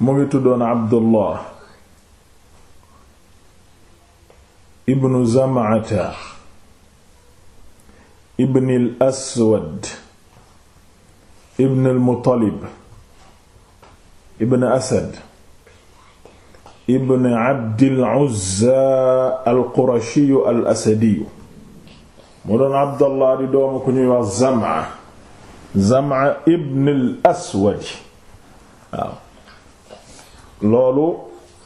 mu ngi tuddoon Abdullah ibnu Zam'ata ibnil Aswad ibnil Muttalib ibn Asad ibn Abdil Uzza al-Qurashiyu al-Asadiyu mu doon Abdullah di doomu ku ñuy wax Zam'a Zam'a ibnil Aswad waaw loolu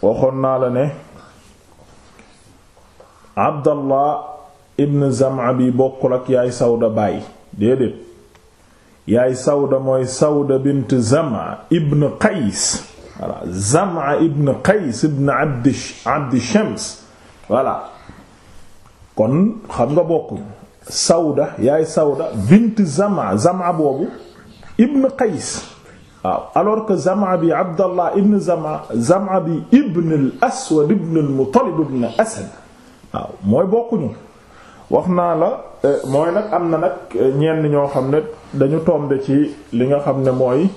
waxoon naa la ne abdallah ibn zam'a bi bokkul ak yaay sawda baay déedéet yaay sawda mooy sawda bint zam'a ibn qays voilà zam'a ibn qays ibn abd abd shams voilà kon xam nga bokkuñ sawda yaay sawda bint zam'a zam'a boobu ibn qays waaw alors que Zama bi Abdallah ibn Zama Zama bi ibn al-Aswad ibn al-Muttalib ibn Asad waaw mooy bokkuñu wax naa la eh, mooy nag am na nag eh, ñenn ñoo xam ne dañu tombe ci li nga xam ne mooy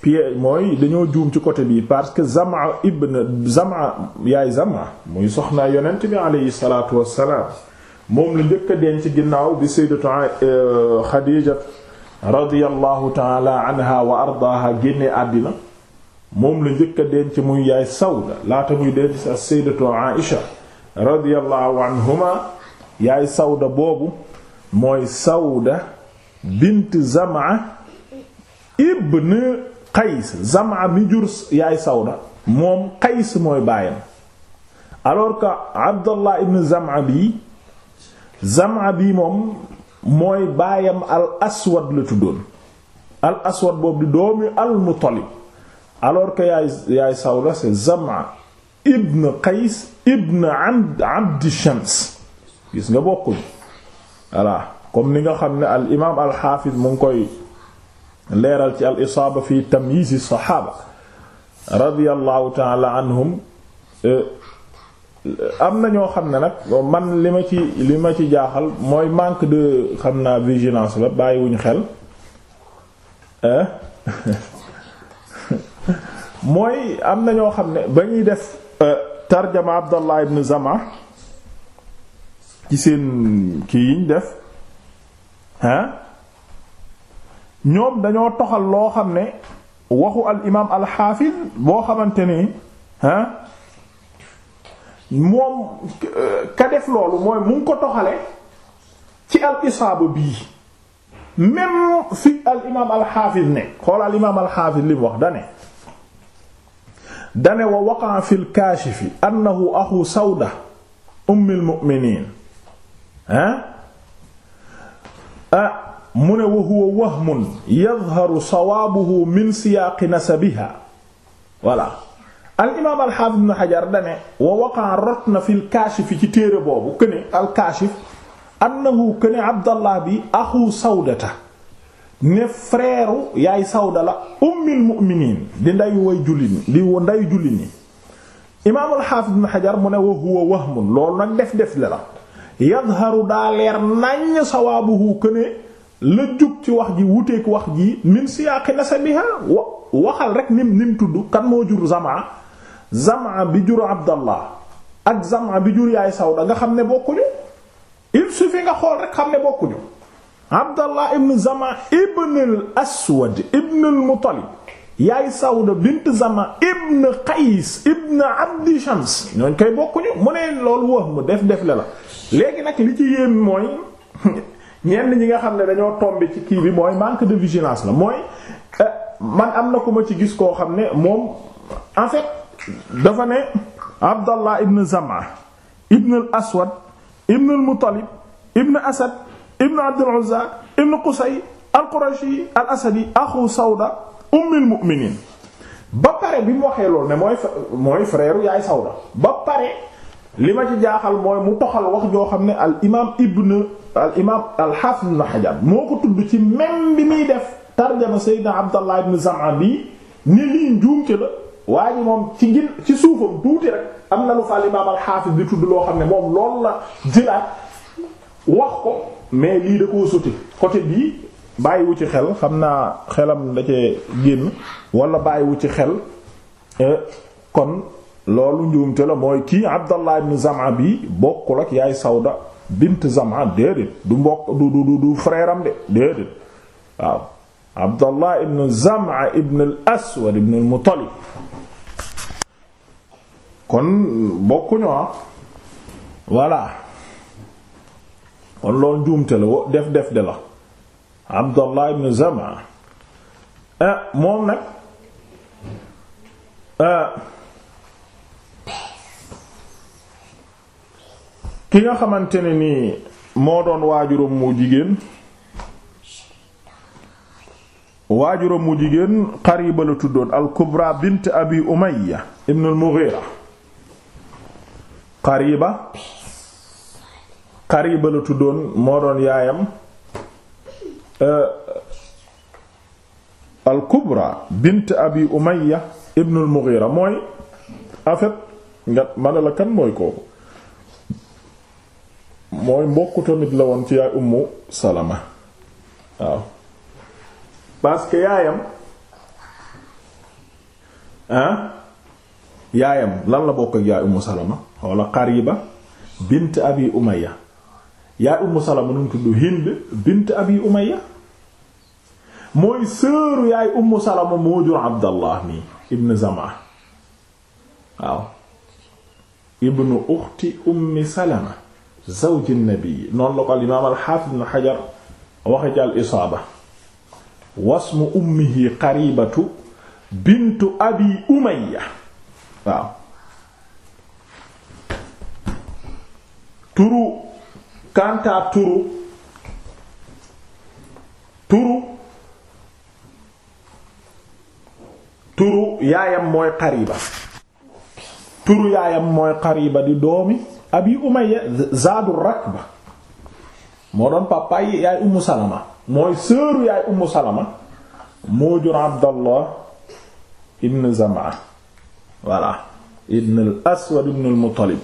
pied mooy dañoo juum ci côté bi parce que Zama ibn Zama yaay Zama muy soxnaa yonent bi aleyhi salaatu wassalaam moom la njëkk a ci ginnaaw bi sayyidatu Xadiija eh, radiyallahu taala anha wa ardaaha génne àddina moom la njëkk denc muy yaay sawda laata muy denc sa sayyidatu aisha radiyallahu anhuma yaay sawda boobu mooy sawda bint zamaa ibn qays zamaa mi jur yaay sawda moom qays mooy baayam alors que abdallah ibn zamaa bi zamaa bi moom mooy baayam al aswad la tuddoon al aswad boobu di doomi al muttalib alors que yaay sawla c'est zama ibn qays ibn abd abd shams gis nga bokkuñ voilà comme ni nga xam ne al imaam al xaafis mu koy leeral ci al isaaba fi tamyiz as-saxaaba radiyallahu ta'ala anhum euh, am na ñoo xam ne nag man li ma ci li ma ci jaaxal mooy manque de xam naa vigilance la bàyyiwuñu xel mooy am na ñoo xam ne ba ñuy def euh, tarjama Abdallah ibn Zama ci seen kii yiñ def ah ñoom dañoo toxal loo xam ne waxu al imaam al xaafis boo xamante ni moom ka def loolu mooy mu ko toxale ci al isaaba bii même fi al imaam al xaafis ne xool al imaam al xaafis li wax dane dane wa waqaa fi lkaashifi annahu axu sawda ummi lmuminin ah ah mu wa huwa wahmun yadharu sawaabuhu min siyaaqi nasabiha voilà al imaam al xaafis ibn xajar dane wa waqaa rot na fil kaashifi ci téere boobu këne al kaashif annahu këne abdallah bi axu sawdata ne frère yay sawda la ummil mu'miniin di nday way julli ni di nday julli ni imaam xaafis ibn xajar mu ne wa huwa wahmun loolu nag def def la la yadharu daa leer naññ sawaabuhu këne la jug ci wax ji wuteek wax ji min siyaaqi nasabiha wa waxal rek nim tudd kan moo jur zamaa Zam'a bi jur Abdallah ak Zam'a bi jur yaay Sawda nga xam ne bokkuñu il suffit nga xool rek xam ne bokkuñu Abdallah ibn Zam'a ibn al-Aswad ibn al-Muttalib yaay Sawda bint Zam'a ibn Qays ibn Abdi Shams ñooñ koy bokkuñu mu ne loolu wax mu def defle la léegi nag li ci yéem mooy ñenn ñi nga xam ne dañoo tombé ci kii bi mooy manque de vigilance la mooy eh, man am na ku ma ci gis koo xam ne moom en dafa ne abdallah ibn zama ibn al aswad ibn al muttalib ibn asad ibn abd al uzza ibn qusay al qurashi al sawda umm al mu'minin ba pare bi mu waxee ne mooy mooy frère sawda ba li ma ci jaaxal mooy mu toxal wax joo xam ne al imaam ibn al imaam al hafiz ibn moo ko tudd ci même bi muy def abdallah ibn zama bi ni lii njuumte waa moom ci gin ci suufam tuuti rek am na lu fa imaam al-Hafiz di tudd loo xam ne moom loolu la jëlaat wax ko mais lii da koo sotti côté bii bàyyiwu ci xel xam naa xelam da cee génn wala bàyyiwu ci xel eh, kon loolu njuumte la mooy kii Abdallah ibn Zam'a bi bokkul ak yaay Sawda bint Zam'a déedéet du mbokk du du du frère am de déedéet waaw Abdallah ibn Zam'a ibn aswad ibn al kon bokkuñu ah voilà kon loolu njuumte la wo def def de la Abdallah ibn Zama eh, moom nag eh, ki nga xamante ne nii moo doon waajuram mu jigéen waajuram mu jigéen Qariba la tuddoon al Kubra bint Abi Umayya ibn al Mughira qariba qariba la tuddoon moo doon yaayam euh, al kubra bint abi umayya ibn mughira mooy en nga mane la kan mooy kooku mooy mbokku tamit la woon ci yaay ummu salama waaw parce yaayam ah yaayam lan la bokk ak yaay Ummu Salama wala Qariba bint Abi Umayya yaay Ummu Salama nu mu tudd Hind bint Abi Umayya mooy sœuru yaay Ummu Salama moo jur Abdallah mi ibn Zamaa waaw ibnu uxti ummi Salama zawji nabi noonu la ko al imaam al xaafis ibn Hajar waxe al isaaba wasmu ummihi Qaribatu bintu Abi Umayya waaw turu kanta turu turu turu yaayam mooy Qariba turu yaayam mooy Qariba di doomi Abi Umayya Zaadu Rakba moo doon papa yaay Ummu Salama mooy sœuru yaay Ummu Salama moo Abdallah ibn Zam'a voilà ibn aswad ibn al muttalib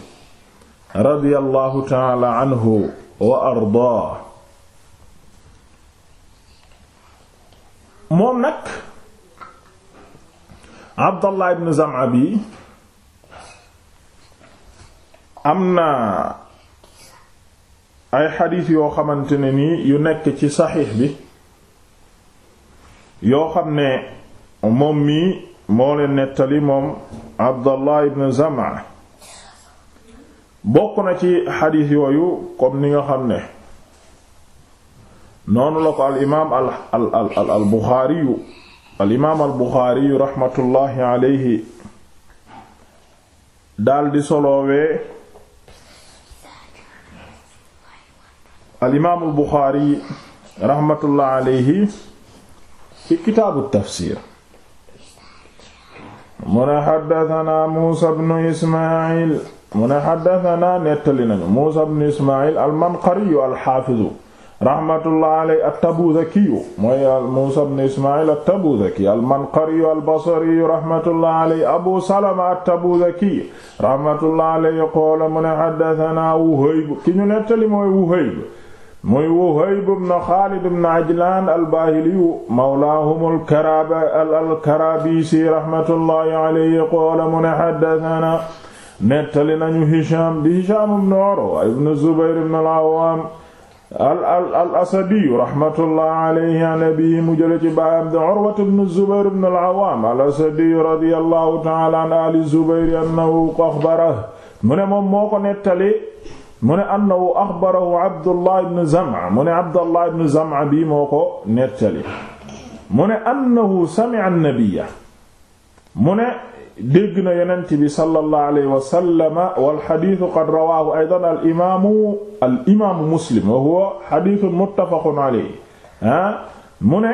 radiyallahu taala anhu wa ardaa moom nag abdallah ibn zam'a bi am na ay xadiis yoo xamante yu nekk ci saxiix bi yoo xam ne moom mii moo leen nettali moom Abdallah ibn Zam'a bokk na ci xadiis yooyu comme ni nga xam ne noonu la ko al imaam al al al al Buxaariyu al imaam al Buxaariyu raxmatullaahi aleyhi daldi soloowee al imaam Buxaari raxmatullaahi aleyhi ci kitaabu tafsiir mu ne xaddatanaa muusa bnu ismail mu ne xaddatanaa nettali nañu muusa bnu ismail almanqariyu alxaafizu rahmatullah aley attabuzakiyu mooy muusa bnu ismail attabuzakiyu almanqariyu albasariyu rahmatullah aley abu salama attabuzakiyu rahmatullah aley qoola mu ne xaddatanaa wuhayb ki ñu nettali mooy wuhayb muy Wuhayb ibn Xaalid ibn Ajlaan al-Baahiliyu mawlaahum al-Karaabisi raxmatullaahi alayhi qaala mu ne xaddasanaa nettali nañu Hishaam di Hishaam ibn Urwa ibn Zubayr ibn al-Awwaam al-Asadiyu raxmatullaahi alayhi an abiihi mu jële ci baayam di Urwa ibn Zubayr ibn al-Awwaam al-Asadiyu radiyallaahu ta'aalaa an aali Zubayr annahu axbarahu mu ne moom moo ko nettali mu ne annahu axbarahu abdullah ibn zama mu ne abdullah ibn zama bii moo ko nettali mu ne annahu sami'a an-nabiyya mu ne dégg na yonent bi sallallahu alayhi wa sallam wal xadiisu qad rawaahu aydan al imaamu al imaamu muslim wa huwa xadiisun muttafaqun alayhi ah mu ne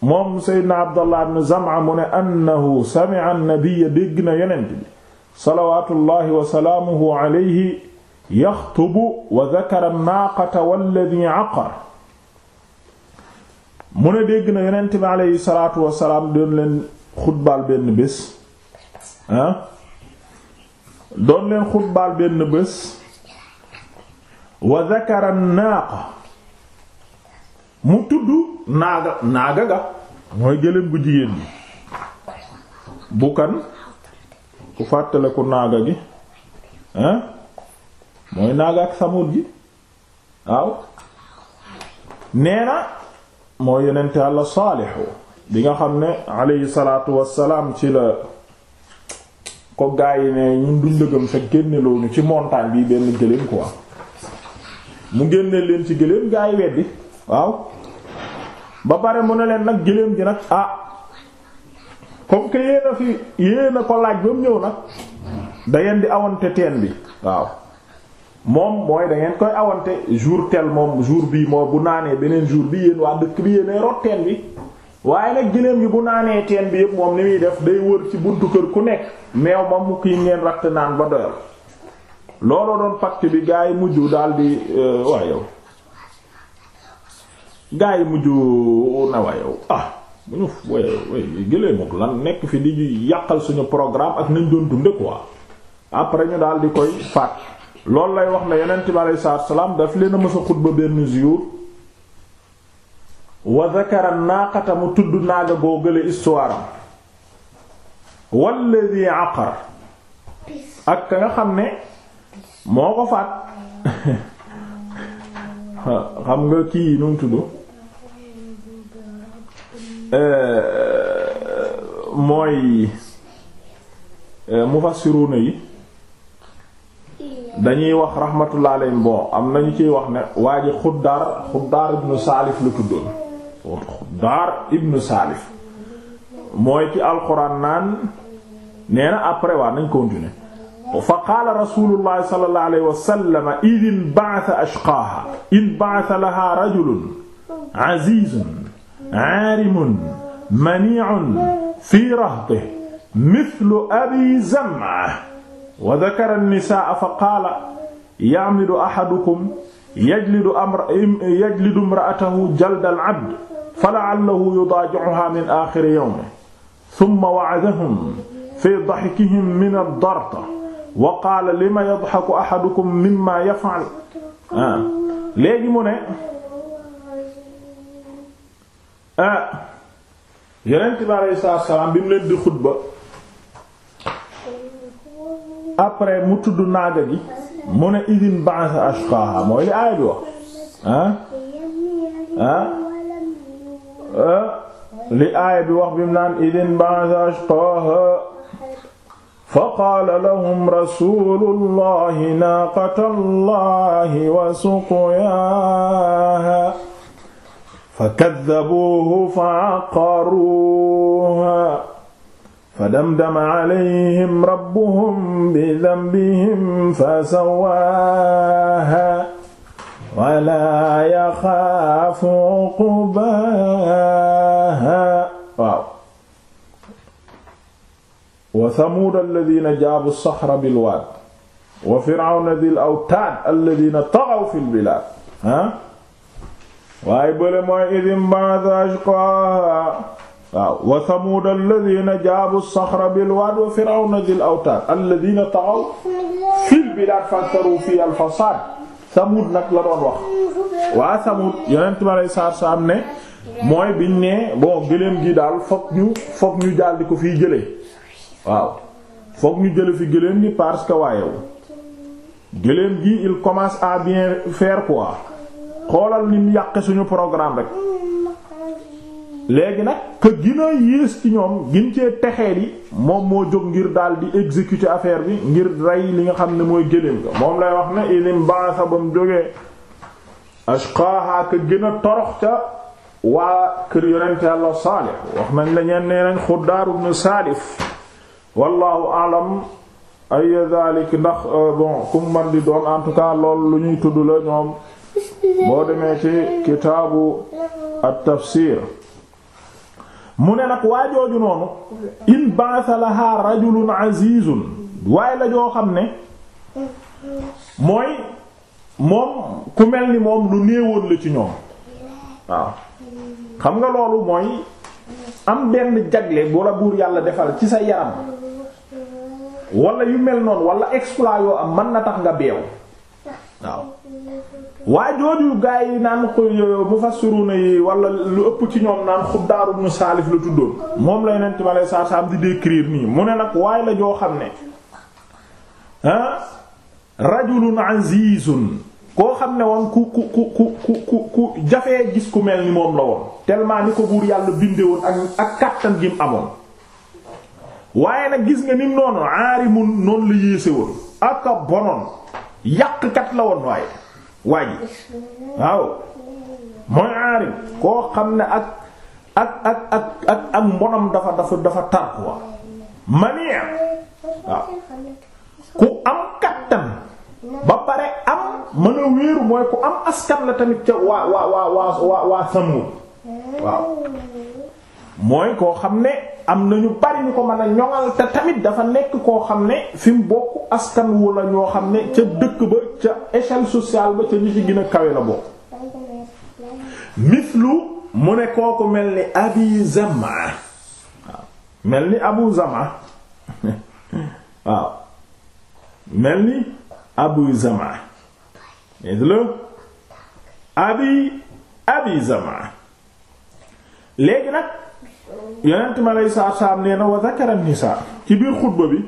moom Seydina Abdallah ibn Zam'a mu ne annahu sami'a an-nabiyya dégg na yonent bi salawaatullahi wa salaamuhu alayhi yaxtubu wa dhakara naaqata walladhi aqar mu ne dégg na yonent bi aleyhi salaatu salaam doon leen xutbaal benn bés ah doon leen xutbaal benn bés wa dhakara naaqa mu tudd naaga naaga ga mooy gëléem gu jigéen bi bu kan ku fàttale ku naaga gi ah? mooy naaga ak samut gi waaw nee na moo yonent yàlla saalihu bi nga xam ne alayhi salaatu wassalaam ci la ko gaa yi ne ñun duñ lëgëm sa génne loolu ci montagne bi benn gëléem quoi mu génne leen ci gëléem gaa yi weddi waaw ba pare mu ne leen nag gëléem gi nag ah comme que yéen a fi yéen a ko laaj ba mu ñëw nag da di awante teen bi waaw moom mooy da ngeen koy awante jour tel moom jour bii moo bu naanee beneen jour bi yéen waa dëkk bi yéenay rot bi waaye nag giléem gi bu naanee teen bi yëpp moom ni muy def day wër ci buntu kër ku nekk meew ma mu kii ngeen ratt naan ba doyal looloo doon pacte bi gaa yi mujj daal di euh, waa gaa yi mujj na waa yow ah, lan nekk fi di yàqal suñu programme ak nañ doon dunde quoi après ñu daal di koy faat loolu lay wax ne yonent bi aleyhi salaatu salaam daf leen a mës a xutba benn jour wa zakara naaqata mu tudd naaga boo gële histoire am walladi aqar ak ka nga xam ne moo ko faat xam nga kii nu mu tudd eh, mooy mu eh, mufassiruna yi dañuy wax rahmatullah alayhim bon am nañu ciy wax ne waa ji xuddaar xuddaar ibnu saalif la tuddoon xuddaar ibnu saalif mooy ci alxuraan naan nee na après waa nañ continuer fa qaala rasulullahi sallallahu alayhi wa sallam id laha rajulun azizun aarimun mani'un fi rahtihi mithlu abi zam'a wa dakara an-nisaa fa qaala ya'midu ahadukum yajlidu amra yajlidu imra'atahu jalda al-'abd fala'allahu yudaaji'uhaa min aakhiri yawmihi thumma wa'adahum fi dahkihim min ad-darta wa qaala lima yadhaku ahadukum mimmaa yaf'al ah, léegi mu ne ah, Yonent bi alayhi salaam bi mu leen di xutba après mu tudd naaga gi mu ne idin ba'sa ashqaha mooy li aaya bi wax ah ah li aaya bi wax bim naan idin ba'sa ashqaha fa qaala lahum rasulullahi naaqatallahi wa suqyaaha fa kaddabuuhu fa aqaruuha fa damdama alayhim rabbuhum bi dambihim fa sawaaha wala yaxaafu uqbaaha waaw wa thamuuda alladina jaabu saxra bilwaad wa firawna dil awtaad alladina taxaw fi lbilaad ah waaye bële mooy idim baata ashqaaha waaw wa thamuud alladina jaabu saxra bilwaad wa firawna dil awtaad alladina taxaw fil bilaad fantaru fi alfasaad thamuud nag la doon wax waa thamuud yonent ma lay saar saam ne mooy biñ ne bon gëléem gi daal fokk ñu fokk ñu ko fiy jële waaw fokk fi gëléem gi parce que waayew gëléem gi il commence à bien faire quoi xoolal ni mu yàqe suñu programme rek léegi nag que gën a yées ci ñoom gin cee texee yi moom moo jóg ngir daal di exécuter affaire bi ngir rey li nga xam ne mooy gëléem ga moom lay wax ne ilim baasa ba mu jógee ashqaaha ka gën torox ca waa kër yonente Yàlla Saalix wax nañ la ñeen nee nañ Xuddaar ibn Saalif wallahu alam ay dalik ndax euh, bon kum man di doon en tout cas loolu lu ñuy tudd la ñoom boo demee ci kitaabu at-tafsir mu ne nag waa jooju noonu in la laha rajulun azizun waaye la joo xam ne mooy moom ku mel ni moom lu néewoon la ci ñoom waaw xam nga loolu mooy am benn jagle bu la buur yàlla defal ci sa yaram wala yu mel noonu wala exploit yoo am man na tax nga beew waaw waa jooju gaa yi naan eh, mufassiruna yi wala lu ëpp ci ñoom naan Xuddaar ibn Saalif la tuddoon moom la Yonent bi alayhi saam di décrire nii mu ne nag waaye la joo xam ne ah rajulun azizun koo xam ne woon ku ku ku ku ku ku jafee gis ku mel ni moom la woon tellement ko buur yàlla bindee ak ak kàttan gi mu amoon waaye nag gis nga ni noonu aarimun noonu la yéese woon ak bonoon yàqkat la woon waaye. waa ji waaw mooy aarim koo xam ne ak ak ak ak ak ak mbonam dafa dafa dafa tar quoi mania waaw ku am kattan ba pare am mën a wéeru mooy ku am askan la tamit ca waa waa waa waa waa waa Samud waaw mooy koo xam ne am nañu bari ñu ko mën a ñoŋal te tamit dafa nekk koo xam ne fi bokk askan wu la ñoo xam ne ca dëkk ba ca échelle sociale ba ca ñu ci gën a kawe la bokk mislu mu ne kooku mel ni abi zama mel ni abu zama waaw mel ni abu zama mislu abi abi zama léegi nag yonent ma aleyhi salaatu salaam nee na wa zakara nisaa ci biir xutba bi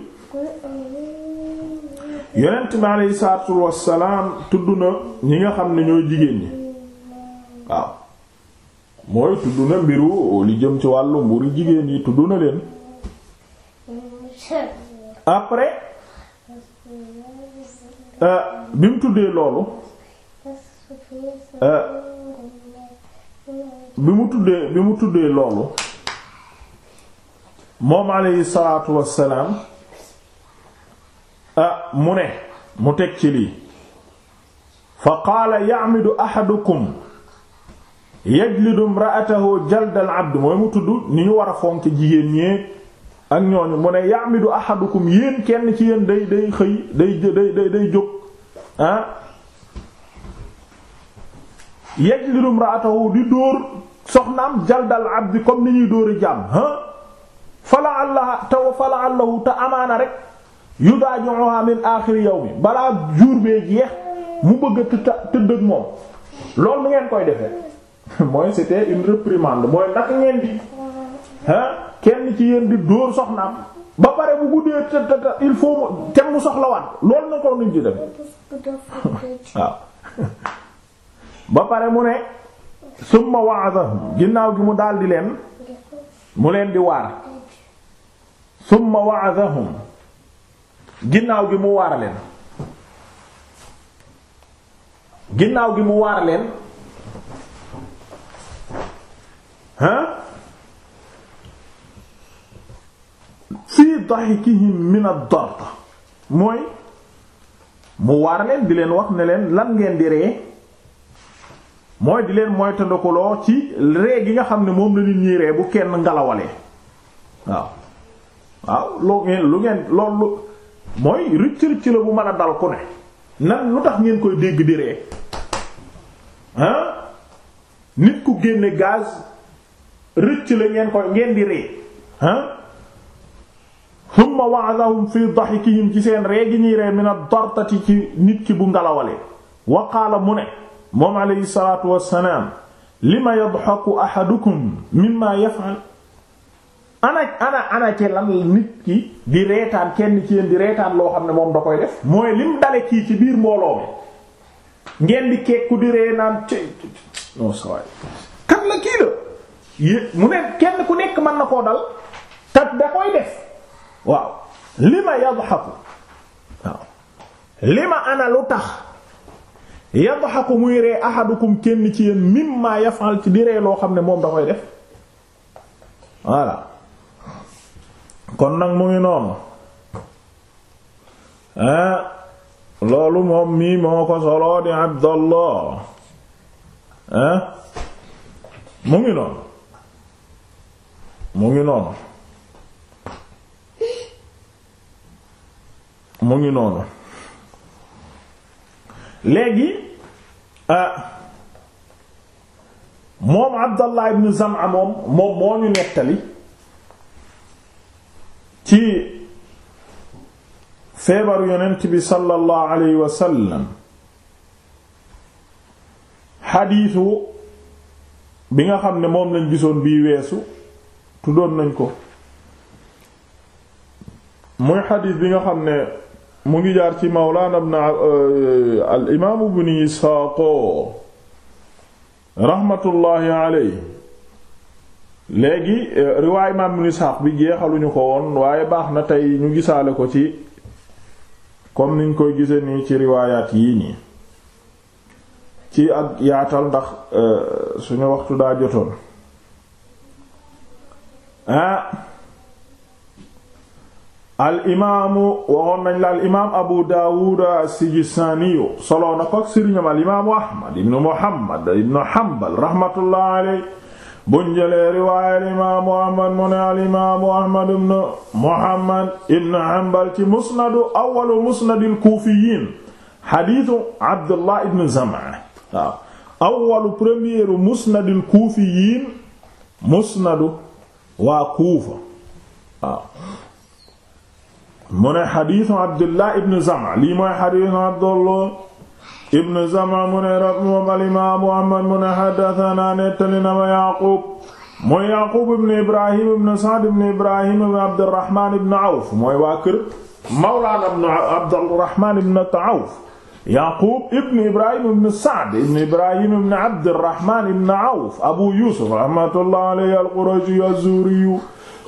yonent mi aleyhi salaatu wassalaam tudd na ñi nga xam ne ñoo jigéen ñi waaw mooy tudd na mbiru li jëm ci wàllu mburu jigéen yi tudd na leen après euh, bi mu loolu euh, bi mu tuddee bi mu tuddee loolu moom aleyhi salaatu wassalaam ah mu ne mu teg ci lii fa qaala ya'midu ahadukum yajlidu imra'atahu jaldal abd mooy mu tudd ni ñu war a fonk jigéen ñee ak ñooñu mu ne ya'midu ahadukum yéen kenn ci yéen day day xëy day day day day jóg ah yajlidu imra'atahu di dóor soxnaam jaldal abd comme ni ñuy dóori jàmm ah fala allah taw fala allahu te amaana rek yudaajuha min aaxiri yawmi balaa jour bee jeex mu bëgg të tëdd moom loolu nu ngeen koy defe mooy c'était une réprimande mooy naka ngeen di ah kenn ci yéen di dóor soxnaam ba pare mu guddee te te il faut mu te mu soxlawaat loolu na ko nuñ di def waaw ba pare mu ne summa wa'adahum ginnaaw gi mu daldi leen mu leen di waar. summa wa'adahum ginnaaw gi mu waar leen ginnaaw gi mu waar leen ah fii dahikihim min ad mooy mu waar leen di leen wax ne leen lan ngeen di ree mooy di leen mooy tandakoloo ci ree gi nga xam ne moom la nit ñi bu kenn ngalawalee waaw waaw loo ngeen lu ngeen mooy rëcc rëcc la bu mën a dal ku ne nan lu tax ngeen koy dégg di ree ah nit ku génne gaz rëcc la ngeen koy ngeen di ree ah summa wa'adahum fi dahikihim ci seen ree gi ñuy ree min ad-dartati ci nit ki bu ngalawalee wa qaala mu ne moom alayhi salaatu wassalaam lima yadhaku ahadukum mimma yaf'al ana ana ana ci lan nit ki di reetaan kenn ci yéen di reetaan loo xam ne moom da koy def mooy lim dale kii ci biir mbooloo mi ngeen di kekku di ree naan ci la kii la mu ne kenn ku nekk mën na koo dal tat da koy def waaw li ma yadhaku waaw li ma ana lu tax yadhaku muy ree ahadukum kenn ci yéen mimma yafal ci di ree loo xam ne moom da koy def voilà kon nag mu ngi noonu ah, loolu moom mii moo ko soloo di Abdallah ah, mu ngi noonu mu ngi noonu mu ngi noonu léegi ah, moom Abdallah ibn Zam'a moom moom moo ñu nettali ci feebaru yonent bi sallallahu alayhi wa sallam xadiisu bi nga xam ne moom lañ gisoon bii weesu tuddoon nañ ko muy xadiis bi nga xam ne mu ngi jaar ci mawlaana ibn euh, al imaamu ibn Isaaq raxmatullaahi alayhi léegi euh, riwaay imaam ibn Isxaaq bi jeexaluñu ko woon waaye baax na tey ñu gisaale ko ci comme niñ koy gisee nii ci riwaayaat yii nii ci ak yaatal ndax euh, suñu waxtu daa jotoon ah al imaamu waxoon nañ la al imaam Abu Daawud as-Sijistaaniyu solo na ko ak sëriñam al imaamu Ahmad ibnu Muhammad ibnu Hanbal rahmatullah alayhi buñ jëlee riwaaya al imaamu ahmad mu ne al imaamu ahmad ibn muhammad ibn hanbal ci musnadu awalu musnadil kuufiyiin xadiisu abdullah ibn zamaa waaw awalu premieru musnadil kuufiyiin musnadu waa kuufa waaw mu ne xadiisu abdullah ibn zamaa lii mooy xadiisu abdullah ibn Zama mu ne rab moom alimaamu Ahmad mu ne haddasanaa nettali na ma Yaaqub mooy Yaaqub ibn Ibrahim ibn Sa'd ibn Ibrahim ibn Abdurrahmaan ibn Awf Awf Yaaqub ibn Ibrahim ibn Sa'd ibn Ibrahim Awf Abu Yuusuf rahmatullahi alayhi al-Qurashi az-Zuhri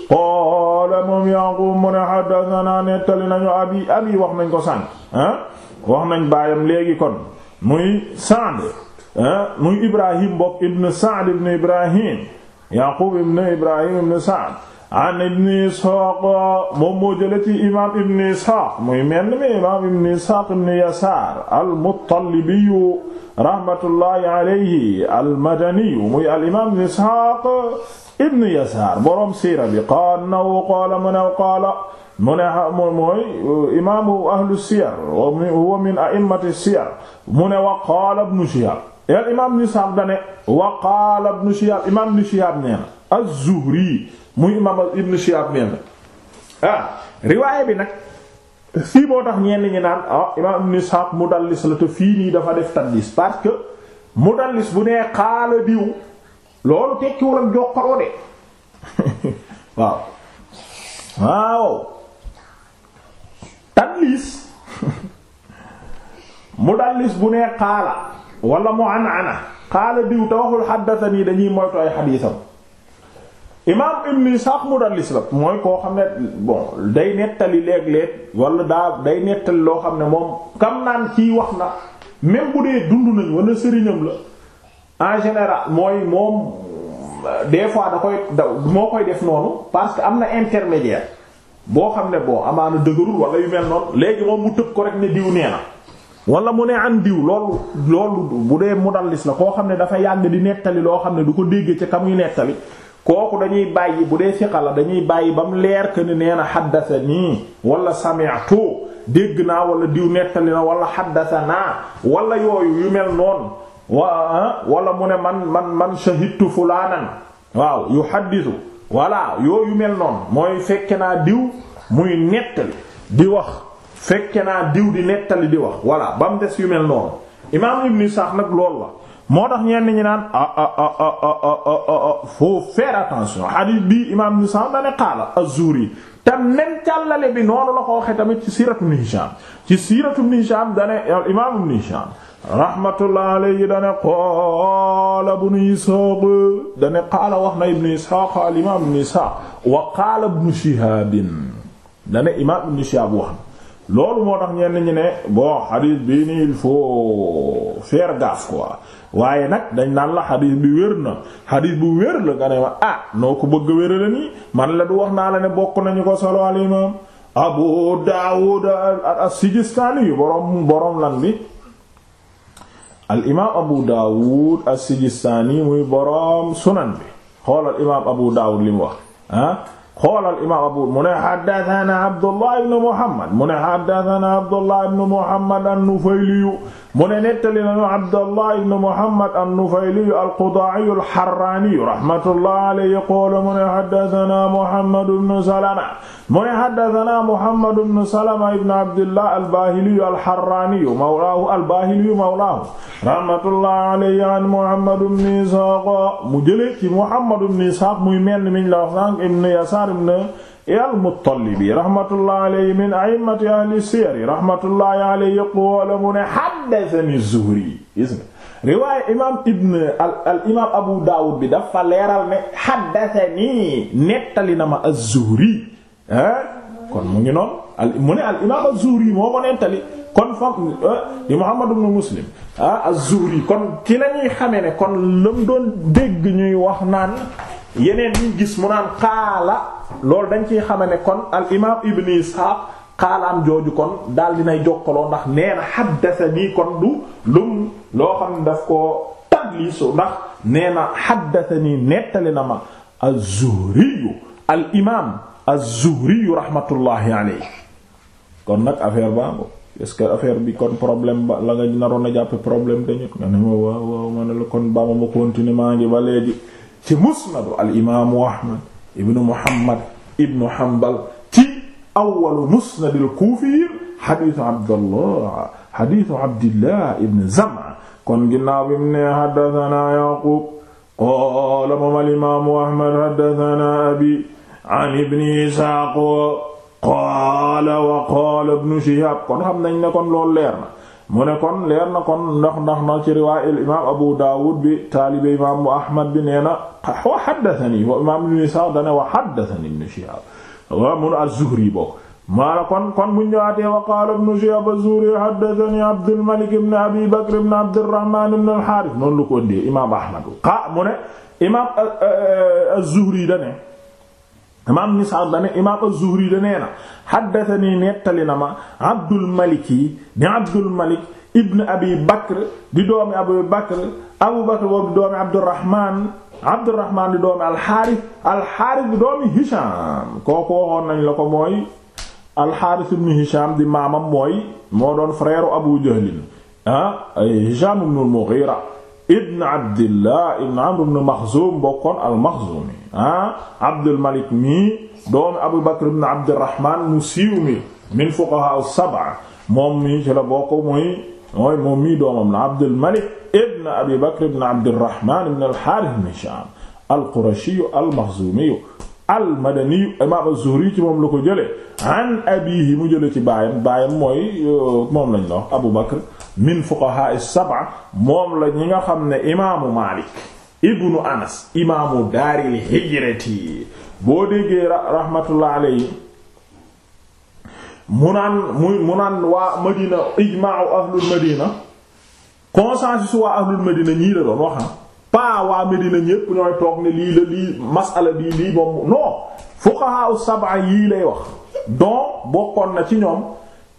qaala moom Yaaqub mu ne haddasanaa nettali nañu abi abi wax nañ ko sànq ah wax nañ baayam léegi kon muy Sa'd ah, muy Ibrahim bokk ibn Sa'd ibn Ibrahim Yaqub ibn Ibrahim ibn Sa'd an ibn Ishaq moom moo jële ci imam ibn Ishaq muy mel ni imam ibn Ishaq ibn Yasaar al-Muttalibi rahmatullahi alayhi al-Madani muy al imam ibn Ishaq ibn Yasaar borom siira bi qaala nawu qaala mu new qaala mu ne mooy uh, imaamu ahlu siyar huwa min a'immati siyar mu ne wa qaala ibn Shihaab el imaam ibn Sa'd dane wa qaala ibn Shihaab imaam ibn Shihaab nee na az muy imaam ibn Shihaab nee na ah riwaaya bi nag fii boo tax li ñi naan ah imaam ibn mu mudallis la te fii nii dafa def tadlis parce que mudallis bu nee qaala diw loolu tekkiwul ak jokkaloo de waaw waaw tadlis mudallis bu nee xaala wala mu an ana xaala diw te waxul xaddatanii dañuy moytu ay xadiisam imam ibn Isaaq mudallis la mooy koo xam ne bon day nettali léeg-léeg wala daa day nettali loo xam ne moom kam naan ciy wax na même bu dee dund nañ wala sëriñam la en général mooy moom euh, des fois da koy da moo koy def noonu parce que am na intermédiaire boo xam ne boo amaana dëgërul wala yu mel noonu léegi moom mu tëb ko rek ne diw nee na wala mu ne an diw loolu loolu bu dee mudallis la koo xam ne dafa yàgg di nettali loo xam ne du ko déggee ci ka yu nettali kooku dañuy bàyyi bu dee siqa la dañuy bàyyi ba mu leer que ni nee na xaddasa nii wala sami'tu dégg naa wala diw nettali na wala xaddasa naa wala yooyu yu mel noonu waa wala mu ne man man man shahidtu fulaanan waaw yu xaddisu voilà yooyu mel noonu mooy fekke naa diw muy nettali di wax fekke naa diw di nettali di wax voilà ba mu des yu mel noonu imaam ibn Sa'd nag loolu la moo tax ñenn ñi naan faut faire attention hadith bi imaam ibn Sa'd na ne qaala az-Zuhri te même càllale bi noonu la ko waxee tamit ci siiratu ibn ci siiratu ibn Hisham dane imaam ibn Hisham rahmatullah alayhi dane qaala ibnu Isxaaq dane qaala wax na ibnu Isxaaq al imaam ibnu Isxaaq wa qaala loolu moo tax ñeen ñi ne bon xadiis bii nii il faut faire gaffe quoi waaye nag dañ naan la xadiis bi wér na xadiis bu wér la nga ne ma ah noo ko bëgg wérale nii man la du wax naa la ne bokk nañu ko solo al imaam Abu Daawud as-Sijistaani borom borom lan bi. al imaam abu daawud as-sijistaani muy boroom sunan bi xoolal imaam abu daawud li mu wax ah xoolal imaam abu mu ne haddathana abdullah ibn muhammad mu ne haddathana abdullah ibn muhammad an-nufayli mu ne nettali nañu Abdallah ibn Muhammad an-Nufayli al-Qudaa'i al-Harraani rahmatullahi alayhi qaala mu ne haddathanaa Muhammad ibn Salama mu ne haddathanaa Muhammad ibn Salama ibn Abdillah al-Baahili al-Harraani mawlaahu al-Baahili mawlaahu rahmatullahi alayhi an Muhammad ibn Ishaaq mu jëlee ci Muhammad ibn Ishaaq muy mel ni miñ la wax ibn Yasaar ibn al-Muttalibi rahmatullahi alayhi min a'immati ahli siyar rahmatullahi alayhi qaala mu ne haddathani Zuhri gis imaam Ibn al imaam Abu Dawud bi dafa leeral ne haddathani nettali na ma az-Zuhri kon mu ngi noonu al mu ne al imaam az-Zuhri moo ko nettali kon fa eh, di Muhammad ibn Muslim ah az-Zuhri kon ci lañuy xamee ne kon lam doon dégg ñuy wax naan yeneen ñu gis mu naan xaala. loolu dañ ciy xame ne kon al imaam ibn Isxaaq xaalaam jooju kon daal dinay jokkaloo ndax nee na xaddasanii kon du lum loo xam ne daf ko tadliisu ndax nee na xaddasanii nettali na ma az-Zuhriyu al imaam az-Zuhriyu rahmatullahi alayhi kon nag affaire baa ngo est-ce que affaire bi kon problème ba la nga naroon a jàppe problème dañu nga ne ma waaw waaw ma ne la kon baa ma ma continuer maa ngi ba léegi ci musnadu al imaamu Ahmad ibnu muhammad ibnu hanbal ci awalu musnadil kuufiyin xadiisu abdallah xadiisu abdillah ibn zama kon ginnaaw bi mu ne haddasanaa yaqub qaala moom alimaamu ahmad haddasanaa abi an ibni isaaq qaala wa qaala ibnu shihaab kon xam nañ ne kon loolu leer na mu ne kon leer na kon ndax ndax na ci riwaay al imaam Abu Daawud bi taalibe imaamu Ahmad bi nee na wa haddathani wa imaam Ibn Isaaq dana wa haddathani Ibn Shihaab wa mun az-Zuhri bokk maana kon kon mu ñëwaatee wa qaala Ibn Shihaab az-Zuhri haddathani Abdul Malik ibn Abi Bakr ibn Abdurrahmaan ibn al-Haarith noonu lu ko indee imaam Ahmad mu ne imaam az-Zuhri dane imaam nisaan dane imaam az-Zuhri da na xaddatani nettali na ma abdul malik ni abdul ibn abi di doomi abu bakr abu di doomi abdurrahman abdurrahman di doomi alxaaris alxaaris di doomi hisham la ko mooy alxaaris ibn hisham di maamam mooy moo doon frère abu jahlin ah ibn al ibn abdillah ibn amr ibn maxzum bokkoon al ah Abdul Malik mii doomu Abu Bakr ibn Abdurrahman mu siiw mi min fuqaha sab'a moom mii ci la bokk muy mooy moom mii doomam la Abdul Malik ibn Abi Bakr ibn Abdurrahman ibn al-Harith ibn Sham al-Qurashi al-Makhzumi al-Madani imaam az-Zuhri ci moom la ko jëlee an abiihi mu jëlee ci baayam baayam mooy euh, moom lañ la wax Abu Bakr min fuqaha as-sab'a moom la ñi nga xam ne imaamu Malik ibnu anas imaamu daaril hijrati boo déggee rahmatullah alayhi mu naan muy mu naan waa madina ijma'u ahlul madina consensus waa ahlul madina ñii la doon wax ah. pas waa madina ñépp ñooy toog ne lii la lii masala bii lii moom non fuqaha sab'a yii lay wax don bokkoon na ci ñoom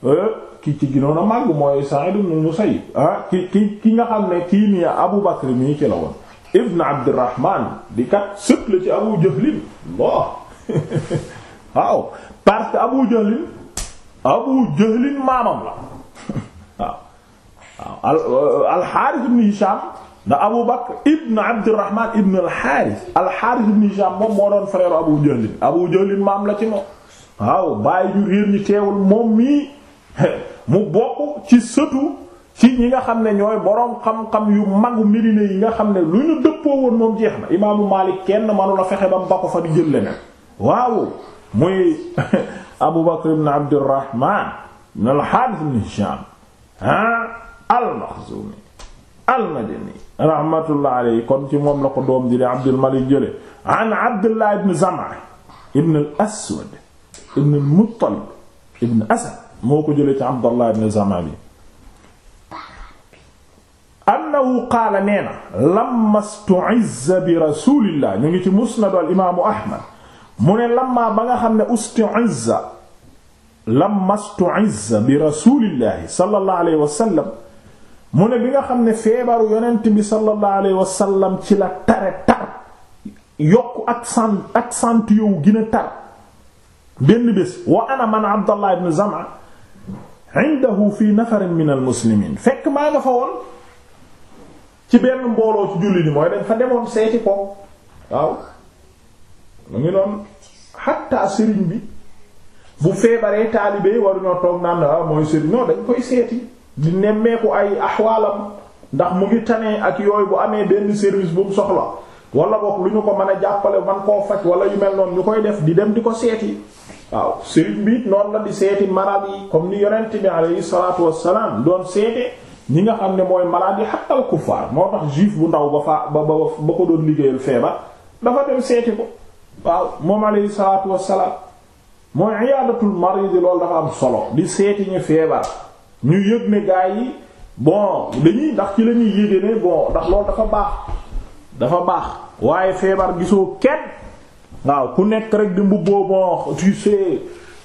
euh, ki ci ginoon a màgg mooy Sa'id ibn Musayyib ah ki ki ki nga xam ne kii nii Abu Bakr mii ci la woon ibn abdirahman di kat sët la ci abu jahlin abu jahlin abu jahlin la waaw waaw alxaaris ibn hisham da abu bakr ibn abdirahman ibn alxaaris alxaaris ibn hisham moom moo doon abu jahlin abu jahlin maam la ci moom waaw bàyyi ju réer ñi teewul moom mii mu bokk ci sëtu ci yi nga xam ne ñooy boroom xam-xam yu magu Medina yi nga xam ne lu ñu dëppoo woon moom jeex na imaamu Maalik kenn manu la fexe ba mu ko fa di jël leneen waaw muy Abu Bakr ibn Abdurrahman ibn al-Harith ibn Hisham ah, al-Makhzumi al-Madani rahmatullah alayhi kon ci moom la ko doom di Abdul Malik jële an Abdullah ibn Zam'a ibn aswad ibn al-Muttalib ibn Asad moo ko jëlee ci Abdullah ibn Zam'a bi annahu qaala nee na lamma stu'izza bi rasulillah ñu ngi ci musnadu al imaamu ahmad mu ne lamma ba nga xam ne ustu'izza lamma stu'izza bi rasulillahi sallallahu alayhi wa sallam mu ne bi nga xam ne feebaru yonent bi sallallahu alayhi wa sallam ci la tare tar yokk accent accent yow gën a tar benn bés wa ana man abdallah ibn zama indahu fi nafarin min al muslimin fekk maa nga fa woon ci benn mbooloo ci julli ni mooy dañ fa demoon seeti ko waaw mu ngi noonu xattaa sëriñ bi bu feebaree taalibe waruñoo toog naan ah mooy sëriñ non dañ koy seeti di nemmeeku ay axwaalam ndax mu ngi tanee ak yooyu bu amee benn service bu mu soxla wala boog lu ñu ko mën a jàppale man koo faj wala yu mel noonu ñu koy def di dem di ko seeti waaw sëriñ bi noonu la di seeti marab yi comme ni yonent bi alayhi salaatu wassalaam doon seete ñi nga xam ne mooy malade yi xàttal kuffaar moo tax juif bu ndaw ba fa ba ba ko doon liggéeyal feebar dafa dem seeti ko waaw moom alayhi salaatu wassalaam mooy iyaadatul marid loolu dafa am solo di seeti ñu feebar ñu yëg ne gaa yi bon dañuy ndax ci la ñuy yéege bon ndax loolu dafa baax dafa baax waaye feebar gisoo kenn waaw ku nekk rek di mbubboo bon tu sais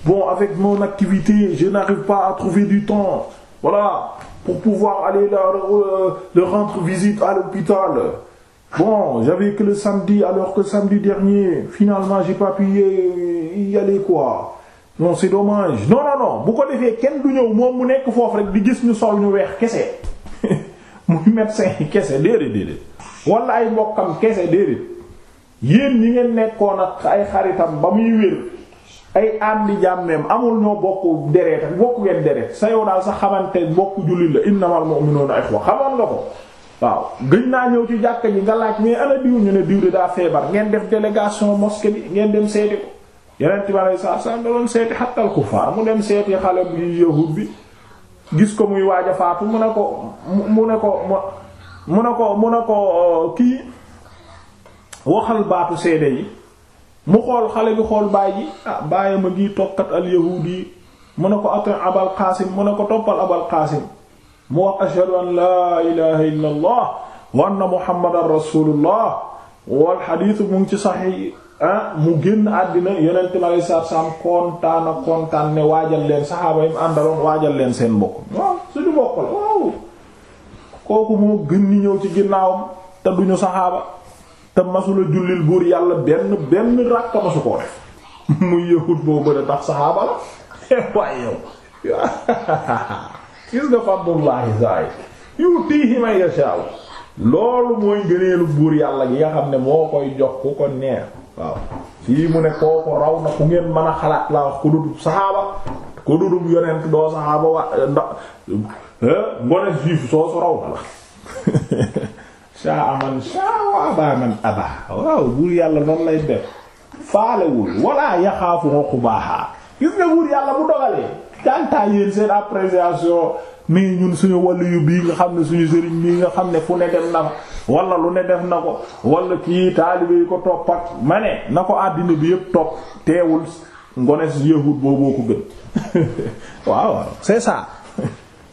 bon avec mon activité je pas à du temps voilà pour pouvoir aller leur, leur rendre visite à l'hôpital. Bon, j'avais que le samedi, alors que samedi dernier, finalement, j'ai pas pu y aller quoi. non c'est dommage non non non bu ko defee kenn du ñëw moom mu nekk foofu rek di gis ñu sol ñu weex kese muy médecin kese déedéet déedéet wala ay mbokkam kese déedéet yéen ñi ngeen nekkoon ak ay xaritam ba muy wér ay àndi jàmmeem amul ñoo bokk deret bokk ngeen deret sa yow daal sa xamante bokk jullit la innamal mu'minuna ikhwa xamoon la ko waaw gëj naa ñëw ci jàkka ji nga laaj mais ana diw ñu ne diw de daa feebar ngeen def délégation mosquée bi ngeen dem seeti ko yeneen tubaab yi sax sax da doon seeti xàttal kufaar mu dem seeti xale bi yahud bi gis ko muy waaj a faatu mu ne ko mu ne ko mu ne ko mu ne ko euh, kii waxal baatu seede yi. mu xool xale bi xool baay ji ma ah, baayam a ngi tokkat al mu ne ko ati abal qaasim mu ne ko toppal abal qaasim mu wax ashhadu an laa ilaha illa allah wa anna muhammadan rasulullah wal xadiisu mu ngi ci saxi ah mu génn àddina yonent mi alayhi salaatu salaam kontaan ak kontaan ne waajal leen saxaaba yi mu àndaloon waajal leen seen mbokk waaw suñu mbokk la waaw kooku moo gën ñëw ci ginnaawam te duñu saxaaba te masula jullil buur yàlla benn benn ràkka masu koo def muy yëhut boobu da tax saxaaba la waaye yow gis nga fadlullahi zaay yutihi man yasha loolu mooy gëneelu buur yàlla gi nga xam ne moo koy jox ku ko neex waaw fii mu ne kooku raw na ku ngeen mën a xalaat la wax ku dutub saxaaba ku dutub yonent doo saxaaba wa eh, ndax eh, ngone juif soo su raw na la shaa aman shaa abaa man abaa waaw buur yàlla noonu lay def faalewul walla yaxaafu uqbaaha gis nga buur yàlla bu dogalee dantaa yéen seen appréciation mais ñun suñu wàllu yu bii nga xam ne suñu sëriñ bii nga xam ne fu ne na wala lu ne def na ko walla kii taalibe yi ko topp ak ma ne na ko àddina bi yëpp topp teewul ngones yahut booboo ko gën waaw waaw c'est ça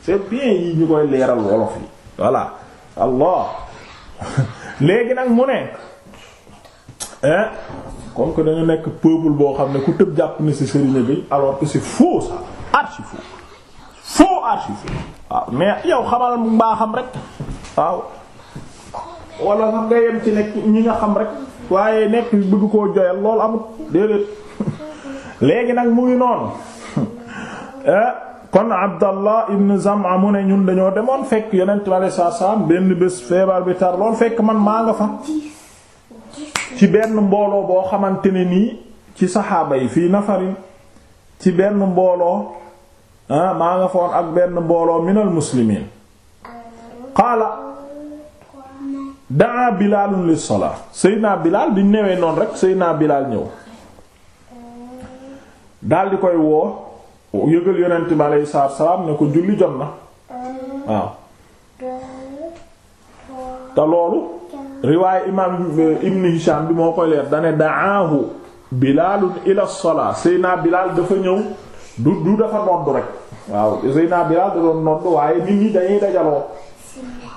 bien yi ñu koy leeral wolof yi voilà allah léegi nag mu ne hein comme que dañu nekk peuple boo xam ne ku tëb jàpp ni ci sëriñ bi alors que c'est faux ça archi faux faux archi faux waaw mais yow xamal mbaaxam rek waaw walla sax nga yem ci nekk ñu nga xam rek waaye nekk bëgg koo joyal loolu amut déedéet léegi nag mu ngi noonu kon abdallah ibn zam'a mu ne ñun dañoo demoon fekk yonent bi saa saam benn bés feebar bi tar lool fekk man maa nga fa ci benn mbooloo boo xamante ne nii ci saxaaba yi fii nafarin ci benn mbooloo ah, maa nga fa woon ak benn mbooloo minal muslimiin qaala daa bilaalun lis salaa seydinaa bilaal bi ñu newee noonu rek seydinaa bilaal ñëw dal di koy woo yëgal yonent bi aleyhi salaatu ne ko julli jot na waaw te loolu riwaay imaam ibn Hisham bi moo koy leer dane daahu bilaalun ila salaa seyna bilaal dafa ñëw du dafa nodd rek waaw seyna bilaal da doon nodd waaye nit ñi dañuy dajaloo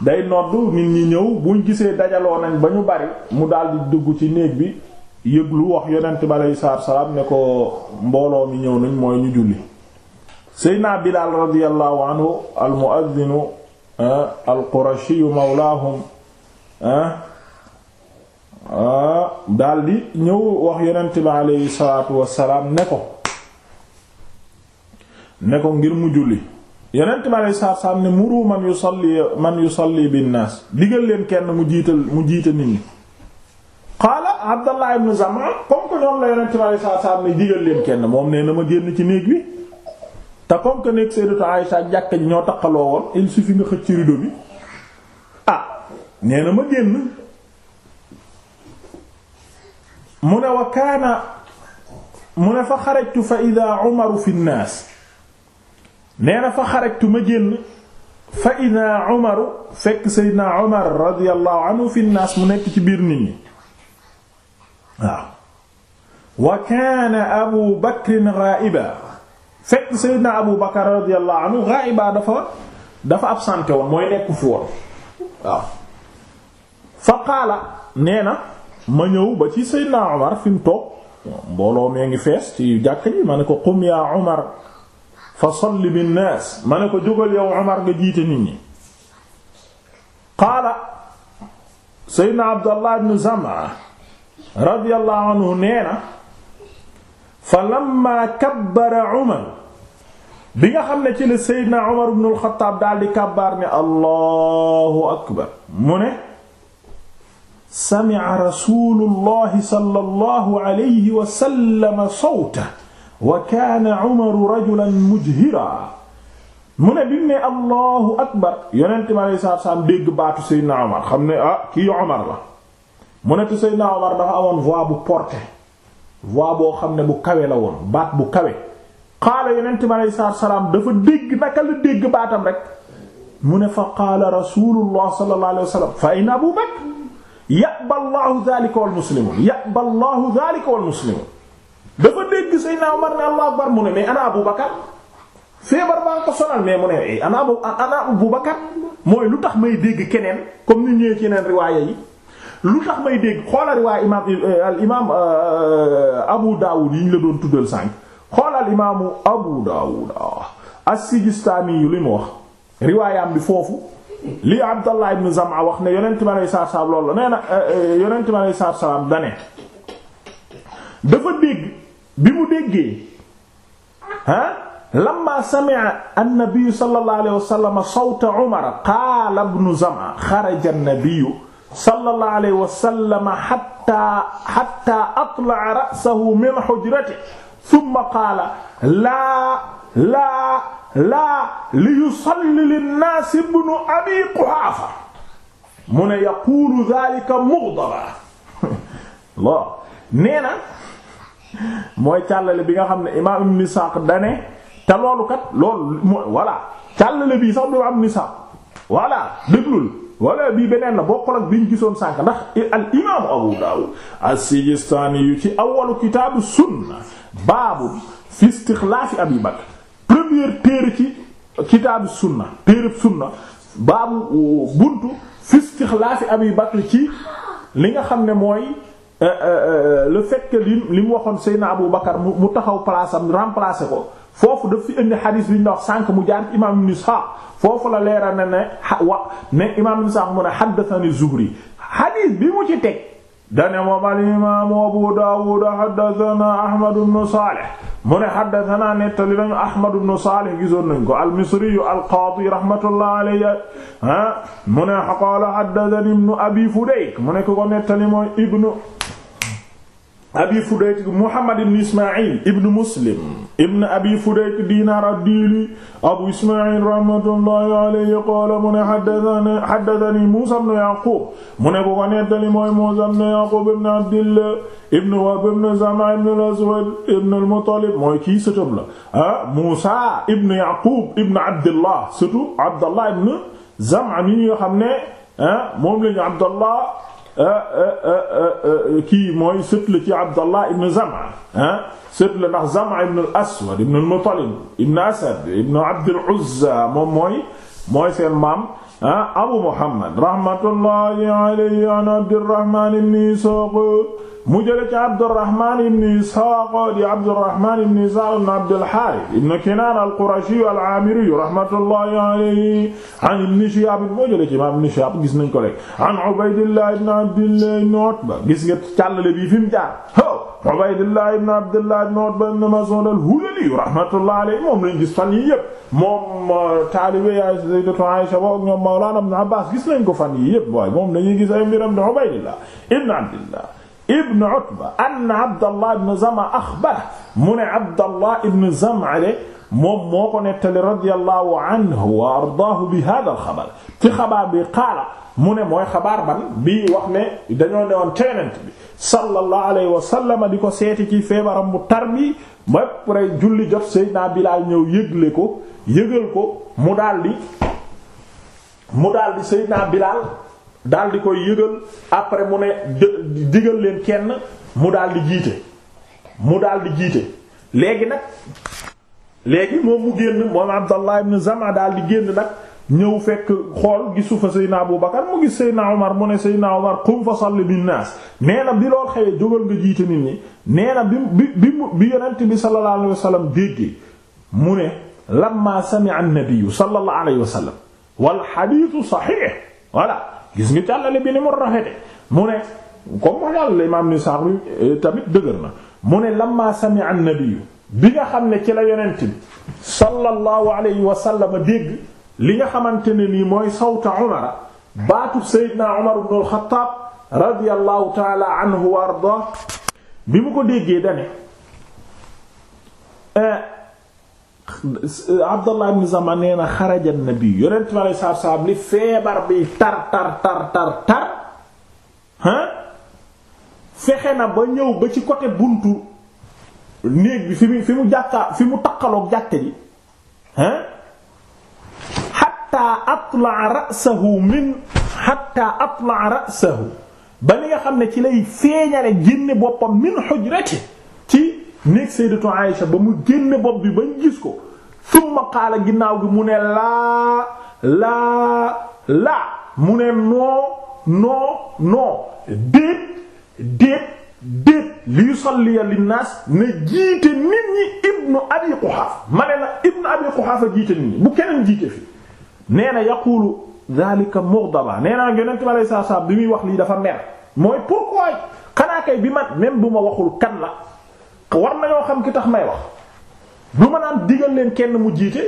day nodd nit ñi ñëw buñ gisee dajaloo nañ ba ñu bari mu daldi dugg ci néeg bi yëglu wax yonent bi aleyhi salaam ne ko mbooloo mi ñëw nañ mooy ñu julli seydna bilaal radiallahu anhu al muaddinu al daldi ñëw wax yonent bi aleyhi salaatu wassalaam ne ko ne ko ngir mu julli yonent bi aleyhi salaatu wassalaam ne muru man yusalli man yusalli binnaas digal leen kenn mu jiital mu jiite nit ñi qaala abdallah ibn zamaan comme que ñoom la yonent bi aleyhi salaatu wassalaam ne leen kenn moom nee na ma génn ci néeg bi te comme que nekk Sayyidatu Aïsha jàkka ji ñoo taqaloo woon il suffit nga xëcc rido bi ah nee ma génn mu ne wa kaana mu ne fa xarajtu fa ida Umaru fi nnaas nee na fa xarajtu ma génn fa fi nnaas mu nekk ci biir nit ñi waaw wa kaana Abu Bakrin ghaa'iban fekk Seydina Abu Bakar radiyallahu anhu ghaiba dafa dafa absenté woon mooy nekku fi woon waaw fa qaala nee na ma ñëw ba ci Seydina Omar fi toog mbooloo mee ngi fees ci jàkk ji ma ne ko qum yaa Omar fa salli bin ma ne ko jógal yow Omar nga jiite nit ñi qaala Seydina Abdallah ibn Zam'a radiyallahu anhu nee na fa lamma kabbara Umar bi nga xam ne ci la Seydina Umar ibn al-Khattab daal di kabbaar ne Allahu akbar mu ne sami'a rasuulullahi sallallahu alayhi wa sallam sawtahu wa kaana Umaru rajulan mujhiran mu ne bi mu ne Allahu akbar yonent mi alayhi salaatu salaam dégg baatu Seydina Umar xam ne ah kii Umar la mu ne te Seydina Umar dafa amoon voix bu portée voix boo xam ne bu kawe la woon baat bu kawe qaala yonent bi aleyhi salaam dafa dégg naka la dégg baatam rek mu ne fa qaala rasulullah sallallahu alayhi wa sallam fa in abu bakr ya'ba allahu dhalika wal muslimun ya'ba allahu dhalika wal muslimun dafa dégg Seydina Omar ne allah akbar mu ne mais ana Abu Bakar feebar baa ko sonal mais mu ne eh, ana ana Abu Bakar mooy lu tax may dégg keneen comme ni ñëwee ci yeneen yi lu tax may dégg xoolal waa imaam euh, al imaam euh, Abu Dawud yi la doon tuddal sànq xoolal imaamu Abu Dawud ah, as-Sijistaani li mu wax riwaayam bi foofu li Abdallah ibn Zam'a wax ne yonent mi alayhi salaatu salaam loolu la nee na euh, yonent mi alayhi salaatu salaam dane dafa dégg bi mu déggee ah lamma sami'a an-nabiy sallallahu alayhi wa sallam sawta Umar qaala ibn Zam'a xaraja an-nabiy sallallahu alayhi wa sallam hatta hatta atla'a ra'sahu min hujratihi thumma qaala laa laa laa liyusalli linnaasi ibnu abi quhaafa mu ne yaquulu dhaalika mughdaban loo nee na mooy càllale bi nga xam ne imaam ibn Isaaq dane te loolu kat loolu voilà càllale bii sax du am Isaaq voilà déglul wala bii beneen la bokkul ak bii ñu gisoon sànk ndax al imaamu Abu Dawud as-Sijistaani yu ci awalu kitaabu sunna baabu fi istixlaafi Abi Bakr première téere ci kitaabu sunna téere sunna baabu uh, buntu fi istixlaafi Abi Bakr ci li nga xam ne mooy eh, eh, eh, le fait que li li mu waxoon Seydina Abu Bakar mu taxaw place am ko. foofu daf fi indi xadis bi ñu la wax sànq mu jaar ci imaam ibn Ishaq foofu la leeral na ne wa ne imaam ibn Ishaq mu ne haddathani Zuhri xadis bi mu ci teg dane moom al imaam Abu Dawud haddathana Ahmad ibn Salih mu ne haddathana nettali lañu Ahmad ibn Salih gisoon nañ ko al-Misri al-Qadi rahmatullah alayhi ah mu ne qaala haddathani ibn Abi Fudayk mu ne ko nettali mooy ibnu abi fudayt muhammad ibn ismail ibn muslim ibn abi fudayt dinar ad-dili abu ismail rahmatullahi alayhi qaala mu ne haddathani haddathani musa ibn yaqub mu ne bu ko nettali mooy musa ibn yaqub ibn abdillah ibn wahb ibn zama ibn al-aswad ibn al-muttalib mooy kii sëtëm la ah musa ibn yaqub ibn abdillah surtout abdallah ibn zama mi nga xam ne ah moom lañu abdallah Eh, eh, eh, kii mooy sët la ci Abdallah ibn Zama ah sët la ndax Zama ibn al-Aswad ibn al-Muttalib ibn Asad ibn Abd al-Uzza moom mooy mooy seen maam ah Abu Muhammad rahmatullahi alayhi an Abdurrahman ibn Ishaq mu jële ci Abdurrahman ibn Isaaq di Abdurrahman ibn Isaaq ibn Abdul Haaris ibn Kinaan al-Qurashi al-Aamiri rahmatullahi alayhi an ibn Shihaab mu jële ci imaam ibn Shihaab gis nañ ko léegi an Ubaydillah ibn Abdillah ibn Utba gis nga càllale bi fi mu jaar Ubaydillah ibn Abdillah ibn Utba ibn Mas'ud al-Hilali rahmatullahi alayhi moom lañ gis fan yii yëpp moom euh, taalibe yaay Sayyidatu Aisha ak ñoom Mawlaana ibn Abbaas gis nañ ko fan yii yëpp waaye moom lañuy gis ay mbiram di Ubaydillah ibn Abdillah ibn Utba anna Abdallah ibn Zama axbara mu ne Abdallah ibn Zama de moom moo ko nettali radiyallahu anhu wa ardaahu bi haadal xabar ci xabaar bi qaala mu ne mooy xabaar ban bii wax ne dañoo newoon tenant bi sallallahu alayhi wa sallam di ko seeti ci feebaram bu tar bi ba pare julli jot Seydina Bilaal ñëw yëgle ko yëgal ko mu daldi mu daldi Seydina Bilaal daal di koy yëgal après mu ne digal leen kenn mu daal di jiite mu daal di jiite léegi nag léegi moom mu génn moom Abdallah ibn Zama daal di génn nag ñëw fekk xool gisu fa Seydina Abu Bakar mu gis Seydina Omar mu ne Seydina Omar qum fa salli bin nee na bi lool xewee jógal nga jiite nit ñi nee na bi bi bi bi sallallahu alayhi wa sallam déggee mu ne lamma sami'a an-nabiyyu sallallahu alayhi wa sallam wal gis nga càllale bi ni mu rafete mu ne comme ma yàlla imaam ni sax eh, tamit dëgër na mu ne lamma sami'a an-nabi bi nga xam ne ci la yonent bi sallallahu alayhi wa sallam dégg li nga xamante ne nii mooy sawta Umar baatu Seydina Umar ibn al-Khattab radiyallahu ta'ala anhu wa ardaa bi mu ko déggee dane eh, Abdallah ibn Zaman nee na xaraja nabi yonent bi aleyhi salaatu salaam li feebar bi tar tar tar tar tar fexe na ba ñëw ba ci côté buntu néeg bi fi mu fi mu jàkkaar fi mu takkaloog jàkka ji ah xatta atla'a ra'sahu min xatta atla'a ra'sahu ba ni nga xam ne ci lay feeñale génne boppam min hujrati ci néeg sayyidatu Aïsha ba mu génne bopp bi bañ gis ko summa qaala ginnaaw gi mu ne laa laa laa mu ne noo noo noo déet déet déet li yusalli linnaas na jiite nit ñi ibnu abi Quhaafa ma ne la ibnu abi Quhaafa jiite nit ñi bu keneen jiite fi nee na yaqulu zalika mughdaba nee naa yonent bi salaam bi muy wax lii dafa mer mooy pourquoi xanaa kay bi man même bu ma waxul kan la war nañoo xam ki tax may wax du ma naan digal leen kenn mu jiite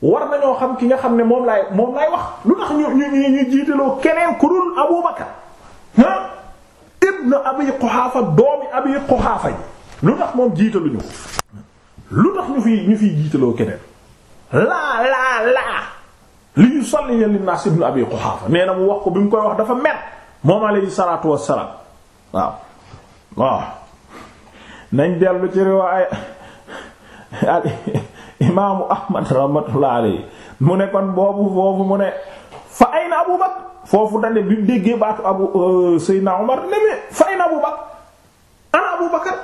war nañoo xam ki nga xam ne moom laay moom laay wax lu tax ñu ñu ñu jiiteloo keneen ku dul Abu Bakar ah ibn Abi Quhafa doomi Abi Quhafa yi lu tax moom jiitaluñu lu tax ñu fi ñu fiy jiiteloo keneen laa laa laa li yusalli linnaas ibn Abi Quhafa nee na mu wax ko bi mu koy wax dafa mer moom alayhi salaatu wassalaam waaw waaw nañ dellu ci riwaaya al imaamu ahmad rahmatullahi alayhi mu ne kon boobu foofu mu ne fa ayna abu bakr foofu dane bi mu baatu abu euh, seydna umar ne mee fa ayna abu bakr ana abu bakr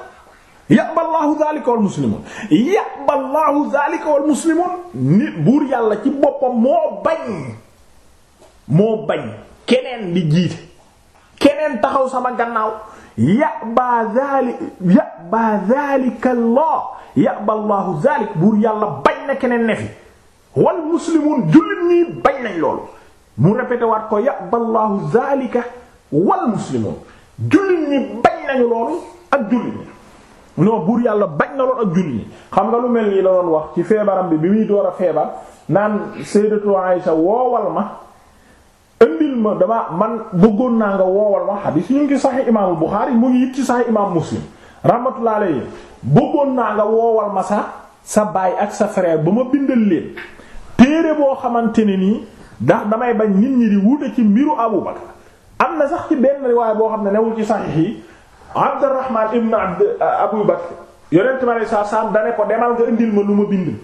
yàba laahu dhalika wal muslimun yàba laahu dhalika wal muslimun nit buur yàlla ci boppam moo bañ moo bañ keneen di keneen taxaw sama gannaaw ya'ba zaali ya'ba zaalika Allah ya'ba Allahu zaalik buur yàlla bañ na keneen ne fi wal muslimuun jullit bañ nañ loolu mu répété waat ko ya'ba Allahu zaalika wal muslimuun jullit ñi bañ nañu loolu ak jullit ñi non buur yàlla bañ na loolu ak jullit ñi xam nga lu mel nii la doon wax ci feebaram bi bi muy door a feebar naan sayyidatu Aisha woowal ma. indil ma dama man bëggoon naa nga woowal ma xadiis ñu ngi ci saxi imaamul Buxaari mu ngi it ci saxi imaam Muslim rahmatullahi alayhi bëggoon naa nga woowal ma sax sa baay ak sa frère ba ma bindal leen téere boo xamante ne nii ndax damay bañ nit ñi di wute ci mbiru Abu Bakar am na sax ci benn riwaay boo xam ne newul ci saxiix yi Abdurrahman ibn Abd Abu Bakr yonent bi ko demal nga ma lu ma bind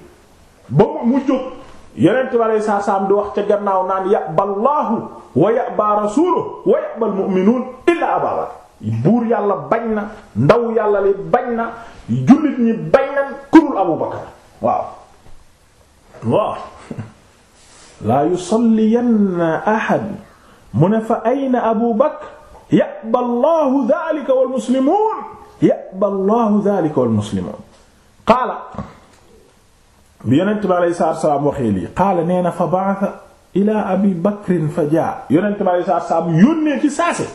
ba mu jóg yeneen tubaab yi saa saam di wax ca gannaaw naan ya'ba Allahu wa ya'ba rasuluhu wa ya'ba al-mu'minuun illa Abaa Bakr buur yàlla bañ na ndaw yàlla li bañ na jullit ñi bañ na kurul Abu Bakr waaw waaw laa yusalliyanna ahad mu ne fa ayna Abu Bakr ya'ba Allahu dhaalika wal muslimuun ya'ba Allahu dhaalika wal muslimuun qaala bi yonent bi alayhi waxee lii qaala nee na fa baax ila abi bakrin fa jaa yonent bi alayhi salaatu yónnee ci saase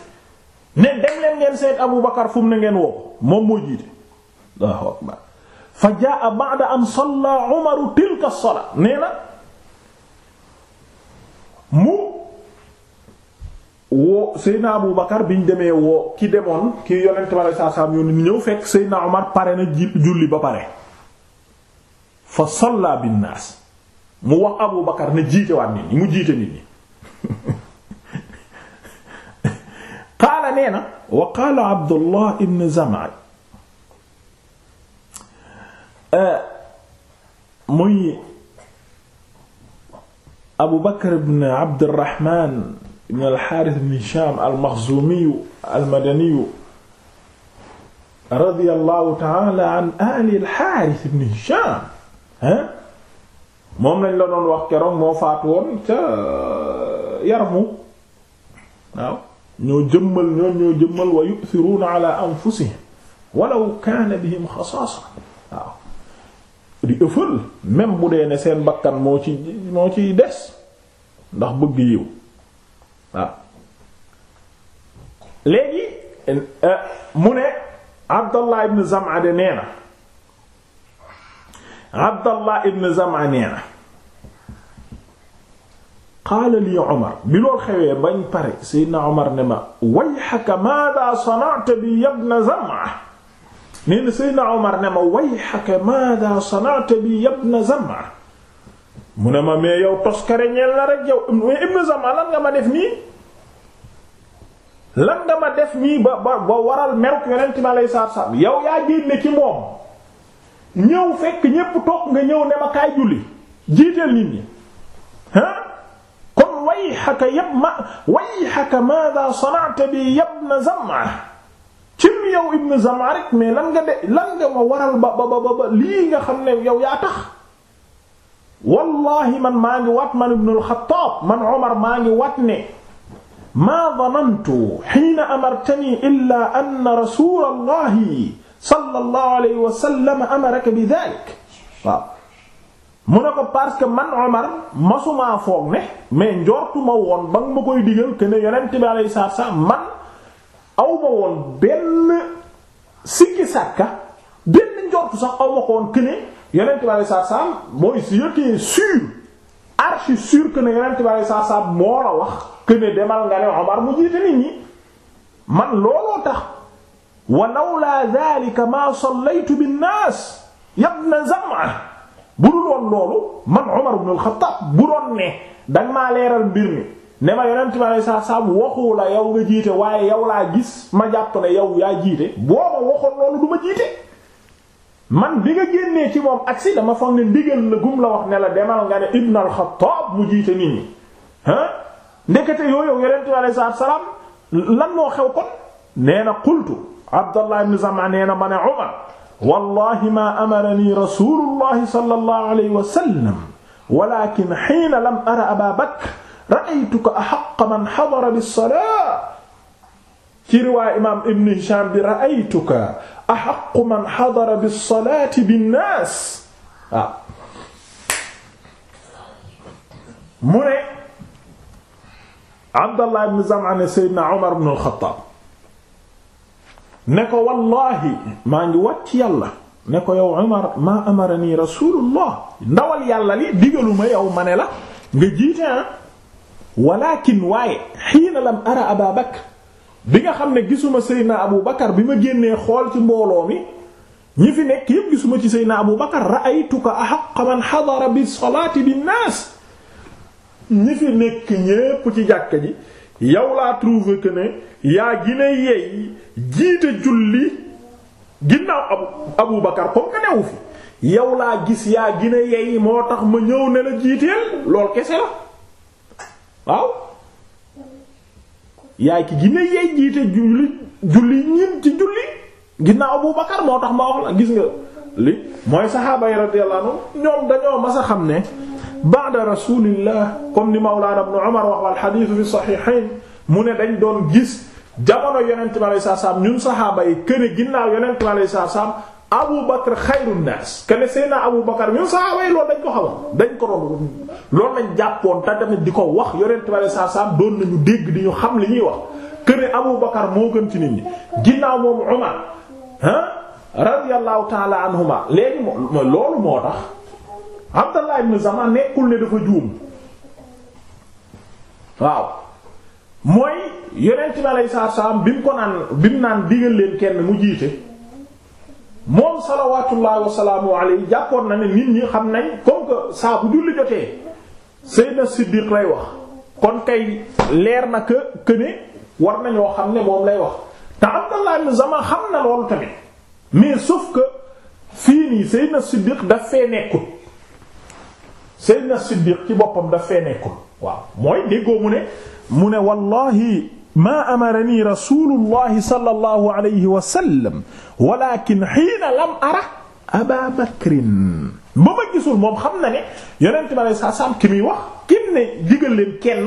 ne dem leen ngeen seet abu bakar fu mu ne ngeen woo moom moo jiite Allahu akbar fa jaa ba'da an salla umaru tilka salaa nee na mu woo Seydina Abu Bakar biñ demee woo ki demoon ki yonent bi alayhi salaatu salaam yónni ñëw fekk Seydina Umar pare na julli ba pare fa salla binnaas mu wax Abu Bakar ne jiite waat nit ñi mu jiite nit ñi qaala nee na wa qaala Abdullah ibn Zam'a muy Abu Bakar ibn Abdirrahman ibn al-Harith ibn Hisham al-Makhzumi al-Madani radiyallahu ta'ala an ahli al-Harith ibn Hisham moom lañ la doon wax keroog moo faatu woon ca euh, Yarmu waaw ñoo jëmmal ñoom ñoo jëmmal wa yu'thiruna ala anfusihim walaw kana bihim waaw di ëffal même bu dee ne seen bakkan moo ci moo ciy des ndax bëgg yiw waaw léegi euh, mu ne Abdallah ibn Zam'ade nee na abdallah ibn zamaa nee na bi lool xewee bañ pare seydna omar ne ma wayxaka maada sanata bi yabna zamaa nee na seydna ma wayxaka maada bi yabna mu ne ma mais yow toskare ñeel la rek yow mais ibn ma def nii lan nga ma def mii ba ba ba waral meruk yonent mi aleyhi salaatu salaam yow yaa génne ci moom ñëw fekk ñépp toog nga ñëw ne ma kaay julli jiiteel nit ñi ah kon wayxaka ma wayxaka maada sana'ta bi yabna Zam'a cim yow ibn Zam'a rek mais lan nga lan nga ma waral ba lii nga xam ne yow yaa tax wallahi man maa ngi wat man ibn al-Khattab man Umar maa ngi wat ne ma danantu hiina amartani illa anna rasulallahi sallallahu alayhi wa amaraka bi dalik waaw mu ne ko parce que man Omar masumaa foog ne mais njortuma woon ba nga ma koy digal que ne yonent bi alayhi salaatu salaam man awma woon benn sikki sàkka benn njortu sax awma ko woon que ne bi alayhi salaatu salaam mooy yëkkee sûr archi sûr que ne bi alayhi salaatu salaam moo la wax que ne demal nga ne Omar mu jiite nit ñi man looloo tax. wa lawlaa daalika maa sallaytu binnaas yabna Zam'a bu dul woon loolu man Umar ibn leeral mbir mi ne ma yonent bi la yow nga jiite waaye yow laa gis ma jàpp yow yaa jiite boo ma bi nga génnee ci moom agsi dama foog ne ndigal la la wax la demal nga ne ibn al-Khattab mu jiite nit ñi ah ndekete yooyu yow yonent bi alayhi salaam lan moo xew kon nee na qultu Abdallah ibn Zam'a nee na ma ne Umar wallahi ma amarani rasulullahi sallallahu alayhi wa sallam walakin hiina lam ara Aba Bakr ra'aytuka ahaqqa man hadara bis-salaa ci riwaaya imaam Ibn Hishaam bi ra'aytuka ahaqqa man hadara bis-salaati bin-naas waaw ah. mu ne Abdallah ibn Zam'a ne Seydina Umar ibn al-Khattab ne ko wallaahi maa ngi wàcc yàlla ne ko yow Umar maa amarani rasulullah ndawal yàlla li digaluma yow ma ne la nga jiite ah walakin waaye xiina lam ara Aba bi nga xam ne gisuma Seydina Abu Bakar bi ma génnee xool ci mbooloo mi ñi fi nekk yépp gisuma ci Seydina Abu Bakar ra'aytuka ahaqqa man hadara bi salaati bi naas ñi fi nekk ñépp ci jàkka ji yow laa trouvé que ne yaa gine yeey jiite julli ginnaaw abu abu bakar comme newu fi yow laa gis yaa gine yeey moo tax ma ñëw ne la jiiteel lool kese la waaw yaay ki gine yeey jiite julli julli ñin ci julli ginnaaw abu moo tax ma wax la gis nga li mooy saxaaba yi ñoom dañoo mas a xam ne ba'da rasulillah comme ni Mawlaana Ibn Umar wax wal xadiis fi saxiixayn mu ne dañ doon gis jamono yonent bi alayhi salaam ñun saxaaba yi këne ginnaaw yonent bi alayhi salaam Abu Bakr xayru naas këne Seydina Abu Bakr ñun saxaaba yi loolu dañ ko xamoon dañ ko doon loolu lañ jàppoon te di ko wax yonent bi alayhi doon nañu dégg di ñu xam li ñuy wax këne Abu Bakr moo gën ci nit ñi ginnaaw moom Umar ah radiyallahu ta'ala anhuma léegi loolu moo tax. Abdallah ibn Zaman nekkul ne dafa juum waaw mooy yonent bi alayhi salaatu salaam bi mu ko naan bi mu naan digal leen kenn mu jiite moom salawaatullaahi wa salaamu alayhi jàppoon na ne nit ñi xam nañ comme que saa bu julli jotee Seydina Siddiq lay wax kon kay leer na que que ne war nañoo xam ne moom lay wax te Abdallah ibn Zaman xam na loolu tamit mais sauf que fii nii Seydina Siddiq daf fee nekkul. Seydina Siddiq ci boppam daf fee nekkul waaw mooy déggoo mu ne mu ne wallahi maa amarani rasulullahi sallallahu alayhi wa sallam walakin hiina lam ara aba bakrin ba ma moom xam na ne yonent ma ne saa saam ki muy wax kim ne digal leen kenn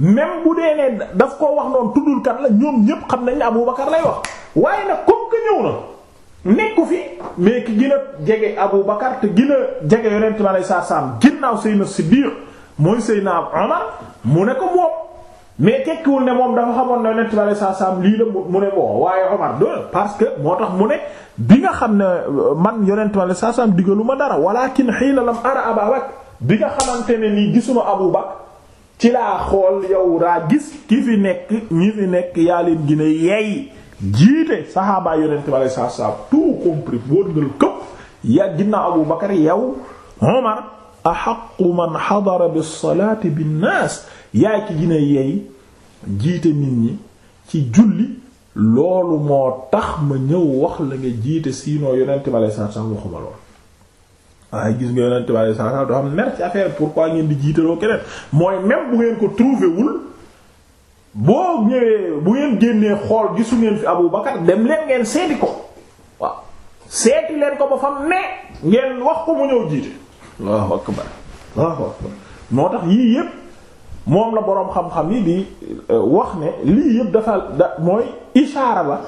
même bu dee ne daf ko wax noonu tuddul kan la ñoom ñépp xam nañ ne Abu Bakar lay wax waaye nag comme que nekku fi mais ki gën a jege Abu Bakar te gën a jege yonent bi aleyhi salaatu salaam ginnaaw Seydina Siddiq mooy Seydina Omar mu ne ko moom mais tekkiwul ne moom dafa xamoon na yonent bi aleyhi salaatu salaam lii la mu ne waaye parce que moo tax mu ne bi nga xam ne man yonent bi aleyhi salaatu salaam digalu ma dara walakin hiina lam ara Abaa Bakr bi nga xamante ne nii gisuma Abu Bakar ci laa xool yow raa gis ki fi nekk ñi fi nekk yaa leen gën a jiite saxaabaa yonent bi alayhi salaatu salaam tout compris wóor nga këpp yaa ginnaaw Abu Bakar yow Omar ahaqqu man hadara bis-salaati bin-naas yaay ci gina yeey jiite nit ñi ci julli loolu moo tax ma ñëw wax la nga jiite sinon yonent bi alayhi salaatu salaam waxuma lool waaye gis nga yonent bi alayhi salaatu salaam doo xam mer ci pourquoi ngeen di jiitaloo keneen mooy même bu ngeen ko trouvé boo ñëwee bu ngeen génnee xool gisu ngeen fi Abu Bakar dem leen ngeen seeti ko waaw seeti leen ko ba fam ne ngeen wax ko mu ñëw jiite Allahu akbar Allahu akbar moo tax yii yépp moom la boroom xam-xam yi di euh, wax ne lii yépp dafa da mooy ishaara la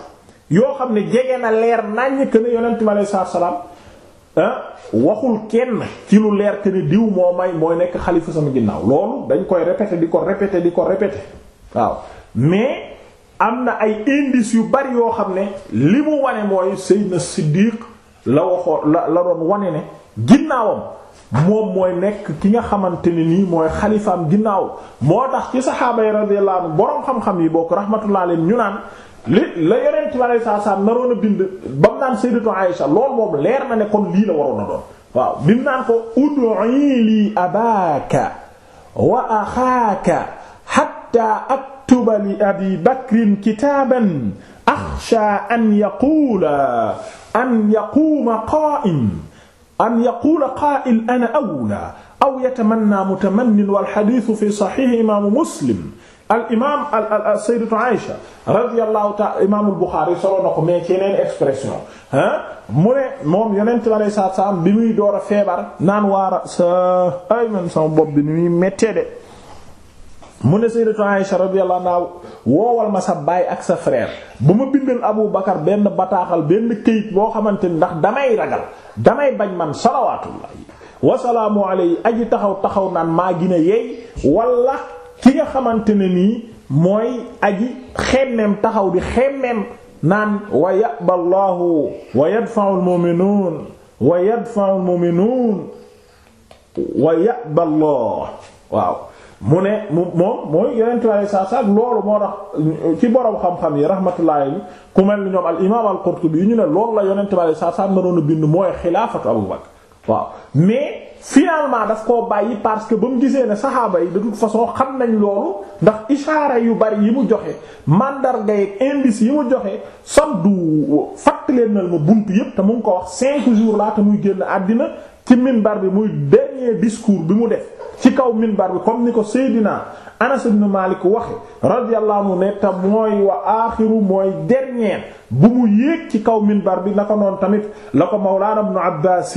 yoo xam ne jege na leer naññ que ne yonent mi aleyhi salaatu salaam waxul kenn ci lu leer que ne diw moo may mooy nekk xalifa sama ginnaaw loolu dañ koy répéter di ko répéter di ko répéter waaw mais am na ay indices yu bari yoo xam ne li mu wane mooy Seydina Siddiq la waxoon la la doon wane ne ginnaawam moom mooy nekk ki nga xamante ne nii mooy xalifaam ginnaaw moo tax ci saxaaba yi radiyallahu anhu boroom xam-xam yi bokk rahmatullahi ñu naan li la yeneen ci wàllu saa saa naroon a bind ba mu naan Sayyidatu Aïsha lool moom leer na ne kon lii la waroon a doon waaw bi mu ko ud'i lii abaaka wa axaaka xatta aktuba li abi bakrin kitaaban axsha an yaquula an yaquuma qaa'im an yaquula qaa'il ana awlaa aw yatamanna mutamannin wal hadiisu fi saxiixi imaamu muslim al imaam al al al sayyidatu Aïcha radiyallahu ta'ala imaamul Buxaari solo na ko mais ci yeneen expression ah mu ne moom yonent bi alayhi salaatu salaam bi muy door a feebar naan waara sa ay man sama bopp bi ni muy méttee de. mu ne sayyidatu Aisha radiyallahu anha woowal ma sa baay ak sa frère ba ma bindal Abu Bakar benn bataaxal benn këyit boo xamante ni ndax damay ragal damay bañ man salawaatullahi wasalaamu alayhi yi taxaw taxaw naan maa gina yeey wala ki nga xamante ne nii mooy aji xemmeem taxaw di xemmeem naan wa ya'ba Allahu Allah waaw mu ne mu moom mooy yeneentu alei sat loolu moo tax ci borom xam-xam yi rahmatullahi ku mel ni ñoom al imam al Qurtubi yu ñu ne loolu la yonentu alei sat salam mënoon a bind mooy xilaafatu Abu Bakr waaw mais finalement daf koo bàyyi parce que ba mu gisee ne saxaaba yi de toute façon xam nañ loolu ndax ishaara yu bari yi mu joxe mandarga yi indice yi mu joxe samdu fàttaleen na ma bunt yépp te mu ngi ko wax cinq jours laa te muy génn àddina ci minbar bi muy dernier discours bi mu def ci kaw minbar bi comme ni ko Seydina Anas ibn Malik waxe radiyallahu anhu ne te mooy wa aaxiru mooy dernier bu mu yéeg ci kaw minbar bi naka noonu tamit la ko Mawlaana ibn Abbaas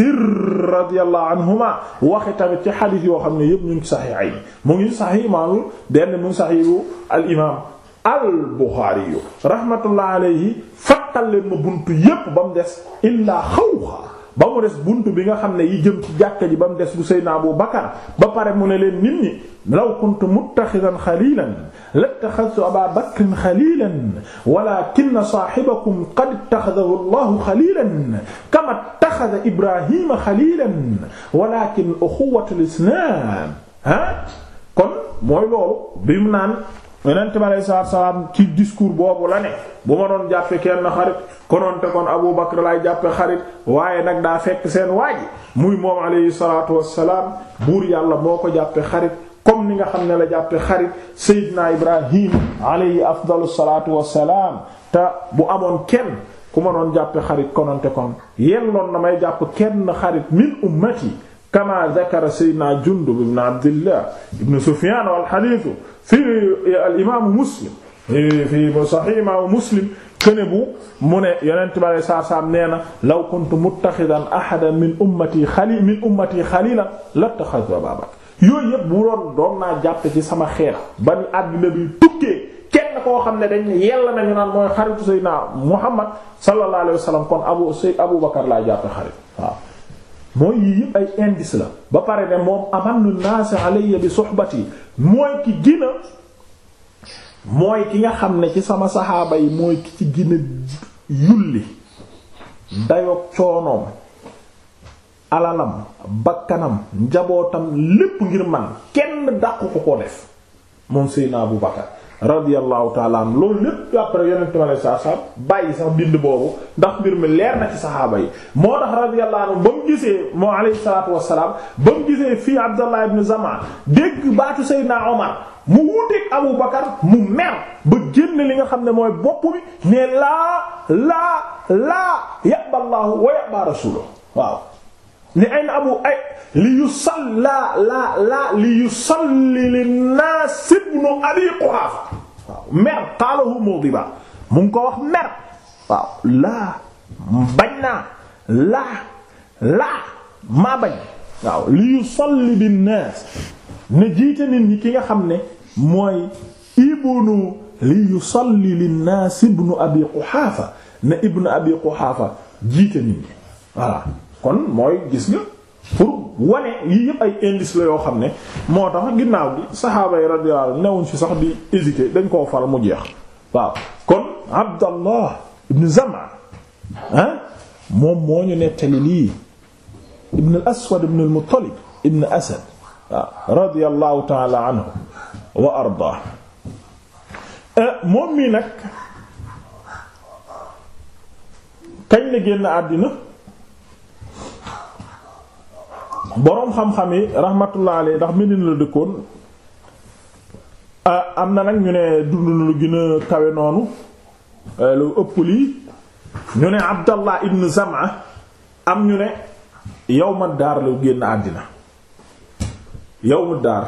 radiyallahu anhuma waxe tamit ci xadiis yoo xam ne yëpp ñu ngi saxiix yi mu ngi saxiix imaamul benn mu ngi saxiixu al imaam al Buxaari rahmatullahi alayhi fattal leen ma buntu yépp ba mu des illaa xawxa ba mu des buntu bi nga xam ne yi jëm ci jàkka ji ba mu des bu Seydina Abu Bakar ba pare mu ne leen nit ñi law kuntu muttaxidan xalilan lattaxadtu Aba Bakrin xalilan walaakinna saaxibakum qad ittaxadahu Allahu xalilan kama ittaxada Ibrahima xalilan walaakin uxuwatul islaam ah kon mooy loolu bi mu naan. yonent bi aleyhi salaatu salaam ci discours boobu la ne bu ma doon jàppe kenn xarit konoonte kon Abu Bakr lay jàppee xarit waaye nag daa fekk seen waaji muy moom aleyhi salaatu wassalaam buur yàlla moo ko jàppee xarit comme ni nga xam ne la jàppe xarit Seydina Ibrahim aleyhi afdalu salaatu wassalaam te bu amoon kenn ku ma doon jàppe xarit konoonte kon yelloon na may jàpp kenn xarit min ummati kama dakara Seydina Jundub ibn Abdillah ibn Sufyaan wal hadiis fii eh, al imaamu muslim eh, fii sahih imaamu muslim këne bu mu ne yonent bi alei saat salaam nee na law kuntu muttaxidan ahadan min ummati xalil min ummati xalila Abaa Bakr yooyu yëpp bu doon naa jàpp ci sama xeer ba ni àddina bi tukkee kenn koo xam ne dañ ne yella nañu naan mooy xaritu Seydina Muhammad sallallahu alayhi wa sallam kon abu Seydina Abu laa jàppe xarit waaw mooy yii yëpp ay indice la ba pare ne moom amanu naas alayya bi suhbati mooy ki gina mooy ki nga xam ne ci sama saxaaba yi mooy ki ci gina yulli dayoog coonoom alalam bakkanam njabootam lépp ngir man kenn dàqu ko ko def moom Seydina Abu Bakar radiyallahu taala am loolu lépp après yonente mi aleye satu bàyyi sax bind boobu ndax mbir mi leer na ci saxaaba yi moo tax radiyallahu anhu ba mu gisee moo alayhi salatu wasalaam ba mu gisee fii Abdallah ibn Zama dégg baatu Seydina Omar mu wuuteeg Abu Bakar mu mer ba génn li nga xam ne mooy bopp bi ne laa laa laa yàballaahu wa yàba rasuluhu waaw ni ayna abu ay li yusalla la la li yusalli linnaas ibnu abi quhaafa waaw mer qaalahu mudiba mu ngi ko wax mer waaw laa bañ naa laa laa maa bañ waaw li yusalli linnaas ne jiite nit ñi ki nga xam ne mooy ibnu li yusalli linnaas ibnu abi quhaafa ne ibnu abi quhaafa jiite nit ñi voilà kon mooy gis nga pour wane yii yëpp ay indice la yoo xam ne moo tax ginnaaw gi saxaaba yi radiyallahu anhu sax bi hésiter dañ koo fal mu jeex waaw kon Abdallah ibn Zama ah, moom moo ñu nettali lii ibn al-Aswad ibn al-Muttalib ibn Asad waaw radiyallahu ta'ala anhu wa ardaa eh, moom mii nag kañ la génn àddina boroom xam-xam yi rahmatullah alayhi ndax Médine la dëkkoon ah, am na nag ñu ne dund na lu gën a kawe noonu eh, lu ëpp lii ñu ne Abdallah ibn Zam'a am ñu ne yawma daar la génn àddina yawmu daar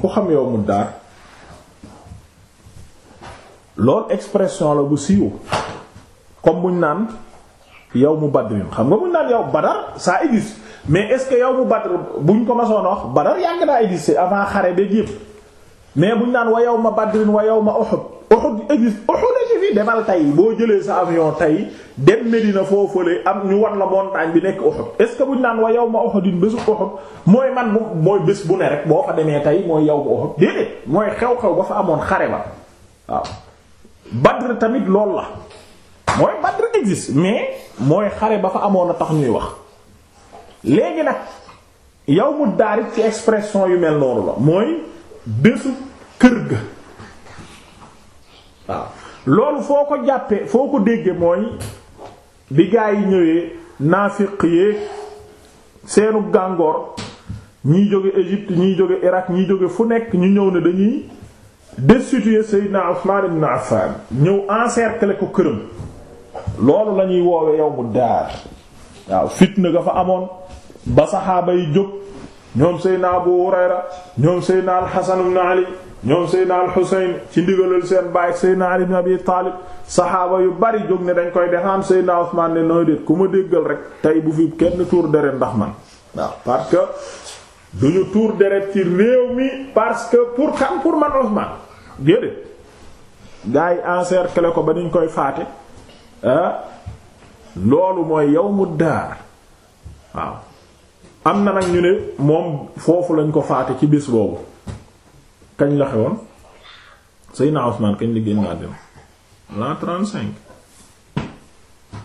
ku xam yawmu daar loolu expression la bu siiw comme buñ naan yawmu badrin xam nga mun naan yow badar ça existe mais est-ce que yawmu badr buñ ko masoon wax badar yàgg naa existe avant xare beeg yëpp mais buñ naan wa yawma badrin wa yawma uhud uhud existe uhud ci fi demal tey boo jëlee sa avion tey dem Medina foofale am ñu wan la montagne bi nekk uhud est-ce que buñ naan wa yawma uhudin bésu uhud mooy man bu mooy bés bu ne rek boo fa demee tey mooy yawmu uhud déedéet mooy xew-xew ba fa amoon xare ba waaw badr tamit lool la mooy Badr existe mais mooy xare ba fa amoon a tax ñuy wax léegi nag yawmu daarit ci expression yu mel noonu la mooy bésu kër ga waaw loolu foo ko jàppee foo ko déggee mooy bi gaa yi ñëwee naafiq yéeg seenu gàngoor ñiy jóge Égypte ñiy jóge Irak ñiy jóge fu nekk ñu ñëw ne dañuy destituer Seydina Usman ibn Affan ñëw encercler ko këram loolu la ñuy woowe yow mu daar waaw fitna ga fa amoon ba saxaaba yi jóg ñoom seydna Abu Hurayra ñoom seydna al-Hasan na Ali ñoom seydna al-Husayn ci ndigalal seen baay ak seydna Ali ibn Abi Taalib saxaaba yu bari jóg ne dañ koy defaan seydna Usmaan ne nooy déet ku ma déggal rek tey bu fi kenn tuur deret ndax man waaw parce que duñu tuur deret ci réew mi parce que pour kan pour man Usmaan déedéet gaa yi encercler ko ba niñ koy faate Ah, loolu mooy yow yawmu daar waaw am na nag ñu ne moom foofu lañ ko faate ci bis boobu kañ la xewoon Seydina Usmaan kañ la génn àddina la 35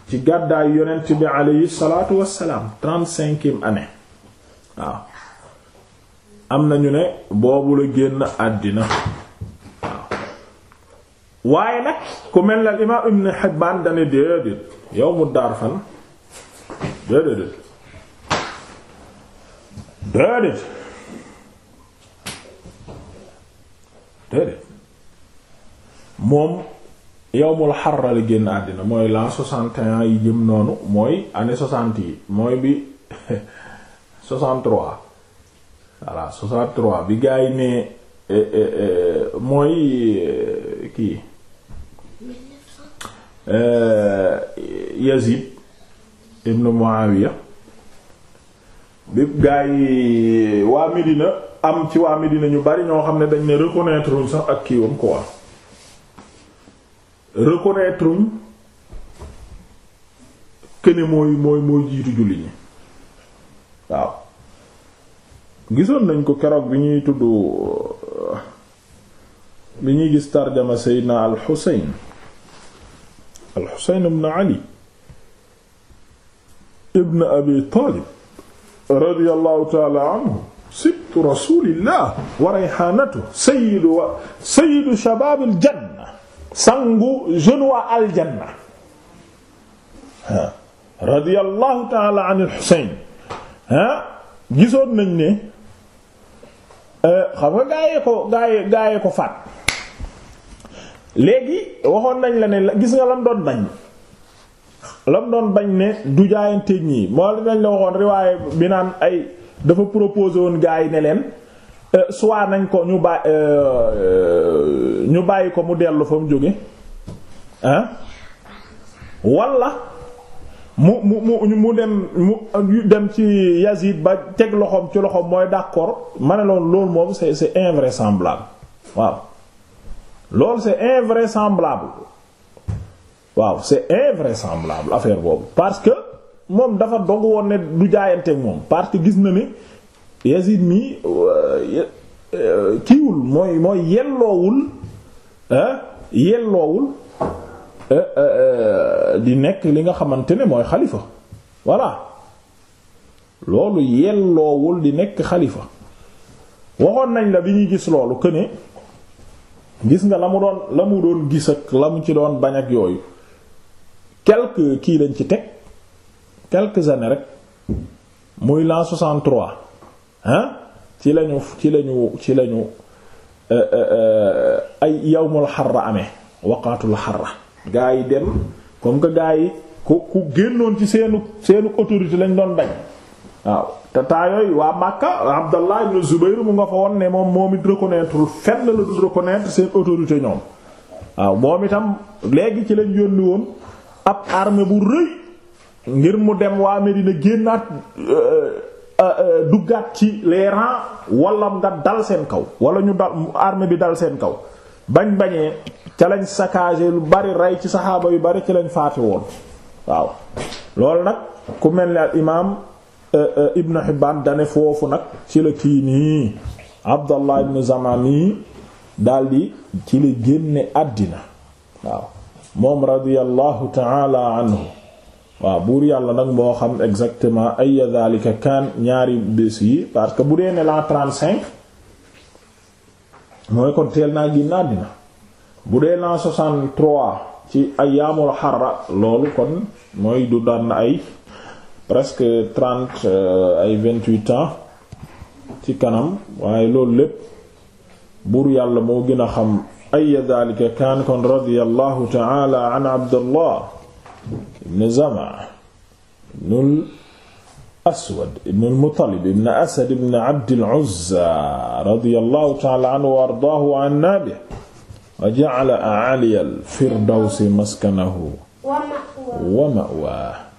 ci gàddaay yonent bi alayhi salaatu wassalaam 35e année waaw am na ñu ne boobu la génn àddina waaye nag ku mel ne imaam Ibn Hibbaan dane déedéet yow mu daar fan déedéet déedéet déedéet moom yowmul xarra la génn àddina mooy l'an 61 yi jëm noonu mooy année 60 yi mooy bi 63 voilà 63 bi gaa yi ne eh, eh, eh, mooy kii Euh, Yazid ibn Muawiya bi gaa yi waa Medina am ci waa Medina ñu bari ñoo xam ne dañ ne reconnaître wuñ sax ak kiiwam quoi reconnaître wuñ këne mooy mooy mooy jiitu julli ñi waaw gisoon nañ ko keroog bi ñuy tudd bi ñuy gis tarjama Seydina al Xuseyn alxusayn ibn ali ibn abi taalib radiyallahu taala anhu sibtu rasulillah wa rayhanatu sayyidu wa sayyidu shabaab aljanna sangu jeune waa aljanna radiyallahu taala an alxusayn ah gisoon nañ ne eh, xam nga gaayee ko gaayee gaayee ko faat léegi waxoon nañ la ne gis nga lam doon bañ lam doon bañ ne du jaayanteeg ñii moo li nañ la waxoon riwaaye bi naan ay dafa proposé woon gars yi ne leen euh, soit nañ ko ñu bàyyi euh, euh, ñu bàyyi ko mu dellu fa mu jóge ah walla mu mu mu mu dem mu dem ci Yazid ba teg loxoom ci loxoom mooy d'accord ma ne loolu moom c'est c'est invraisemblable waaw loolu c'est invraisemblable waaw c'est invraisemblable affaire boobu parce que moom dafa dogu woon ne du jaayanteeg moom parce que gis na ne Yazid mi euh, euh, kiiwul mooy mooy yelloowul yelloowul euh, di nekk li nga xamante ne mooy xalifa voilà loolu yelloowul di nekk xalifa waxoon nañ la bi ñuy gis loolu que ne gis nga la mu doon la mu doon gis ak la mu ci doon bañ ak yooyu quelques kii lañ ci teg quelques années rek muy l'an 63 hein ci lañu ci lañu ci lañu euh, euh, euh, ay yawmul xarra amee waqaatul xarra gaa yi dem comme que gaa yi ku ku génnoon ci seenu seenu autorité lañ doon bañ waaw te taa yooyu waa Makka Abdallah ibn Zubayr mu nga fa woon ne moom moom it reconnaître fenn la dul reconnaître seen autorité ñoom waaw moom itam léegi ci lañ yónni woon ab armée bu rëy ngir mu dem waa Medina génnaat euh, euh, euh, duggaat ci les rangs wala nga dal seen kaw wala ñu dal armée bi dal seen kaw bañ bañee ca lañ saccagé lu bari rey ci saxaaba yu bari ci lañ faati woon waaw loolu nag ku mel ni al imaam Euh, euh, ibn Hibbaan dane foofu nag ci la kii nii Abdallah ibn Zamami daldi ci la génne àddina waaw moom radiyallahu ta'ala anhu waaw buur yàlla nag moo xam exactement ay dhalika kan ñaari bés yi parce que bu dee ne l'an mooy kon teel naa génn àddina bu dee l'an 63 ci ayyaamul xarra loolu kon mooy du daan ay presque trente euh, ay vingt-huit ans ci kanam waaye loolu lépp buur yàlla moo gën a xam ay daalika kaan kon radiyallahu ta'ala an abdullah ibn zama ibn aswad ibn al-muttalib ibn asad ibn abd al-uzza radiyallahu ta'ala anhu wa ardaahu wa annaa bihi wa ja'ala a'aaliya al-firdawsi maskanahu wa ma'waahu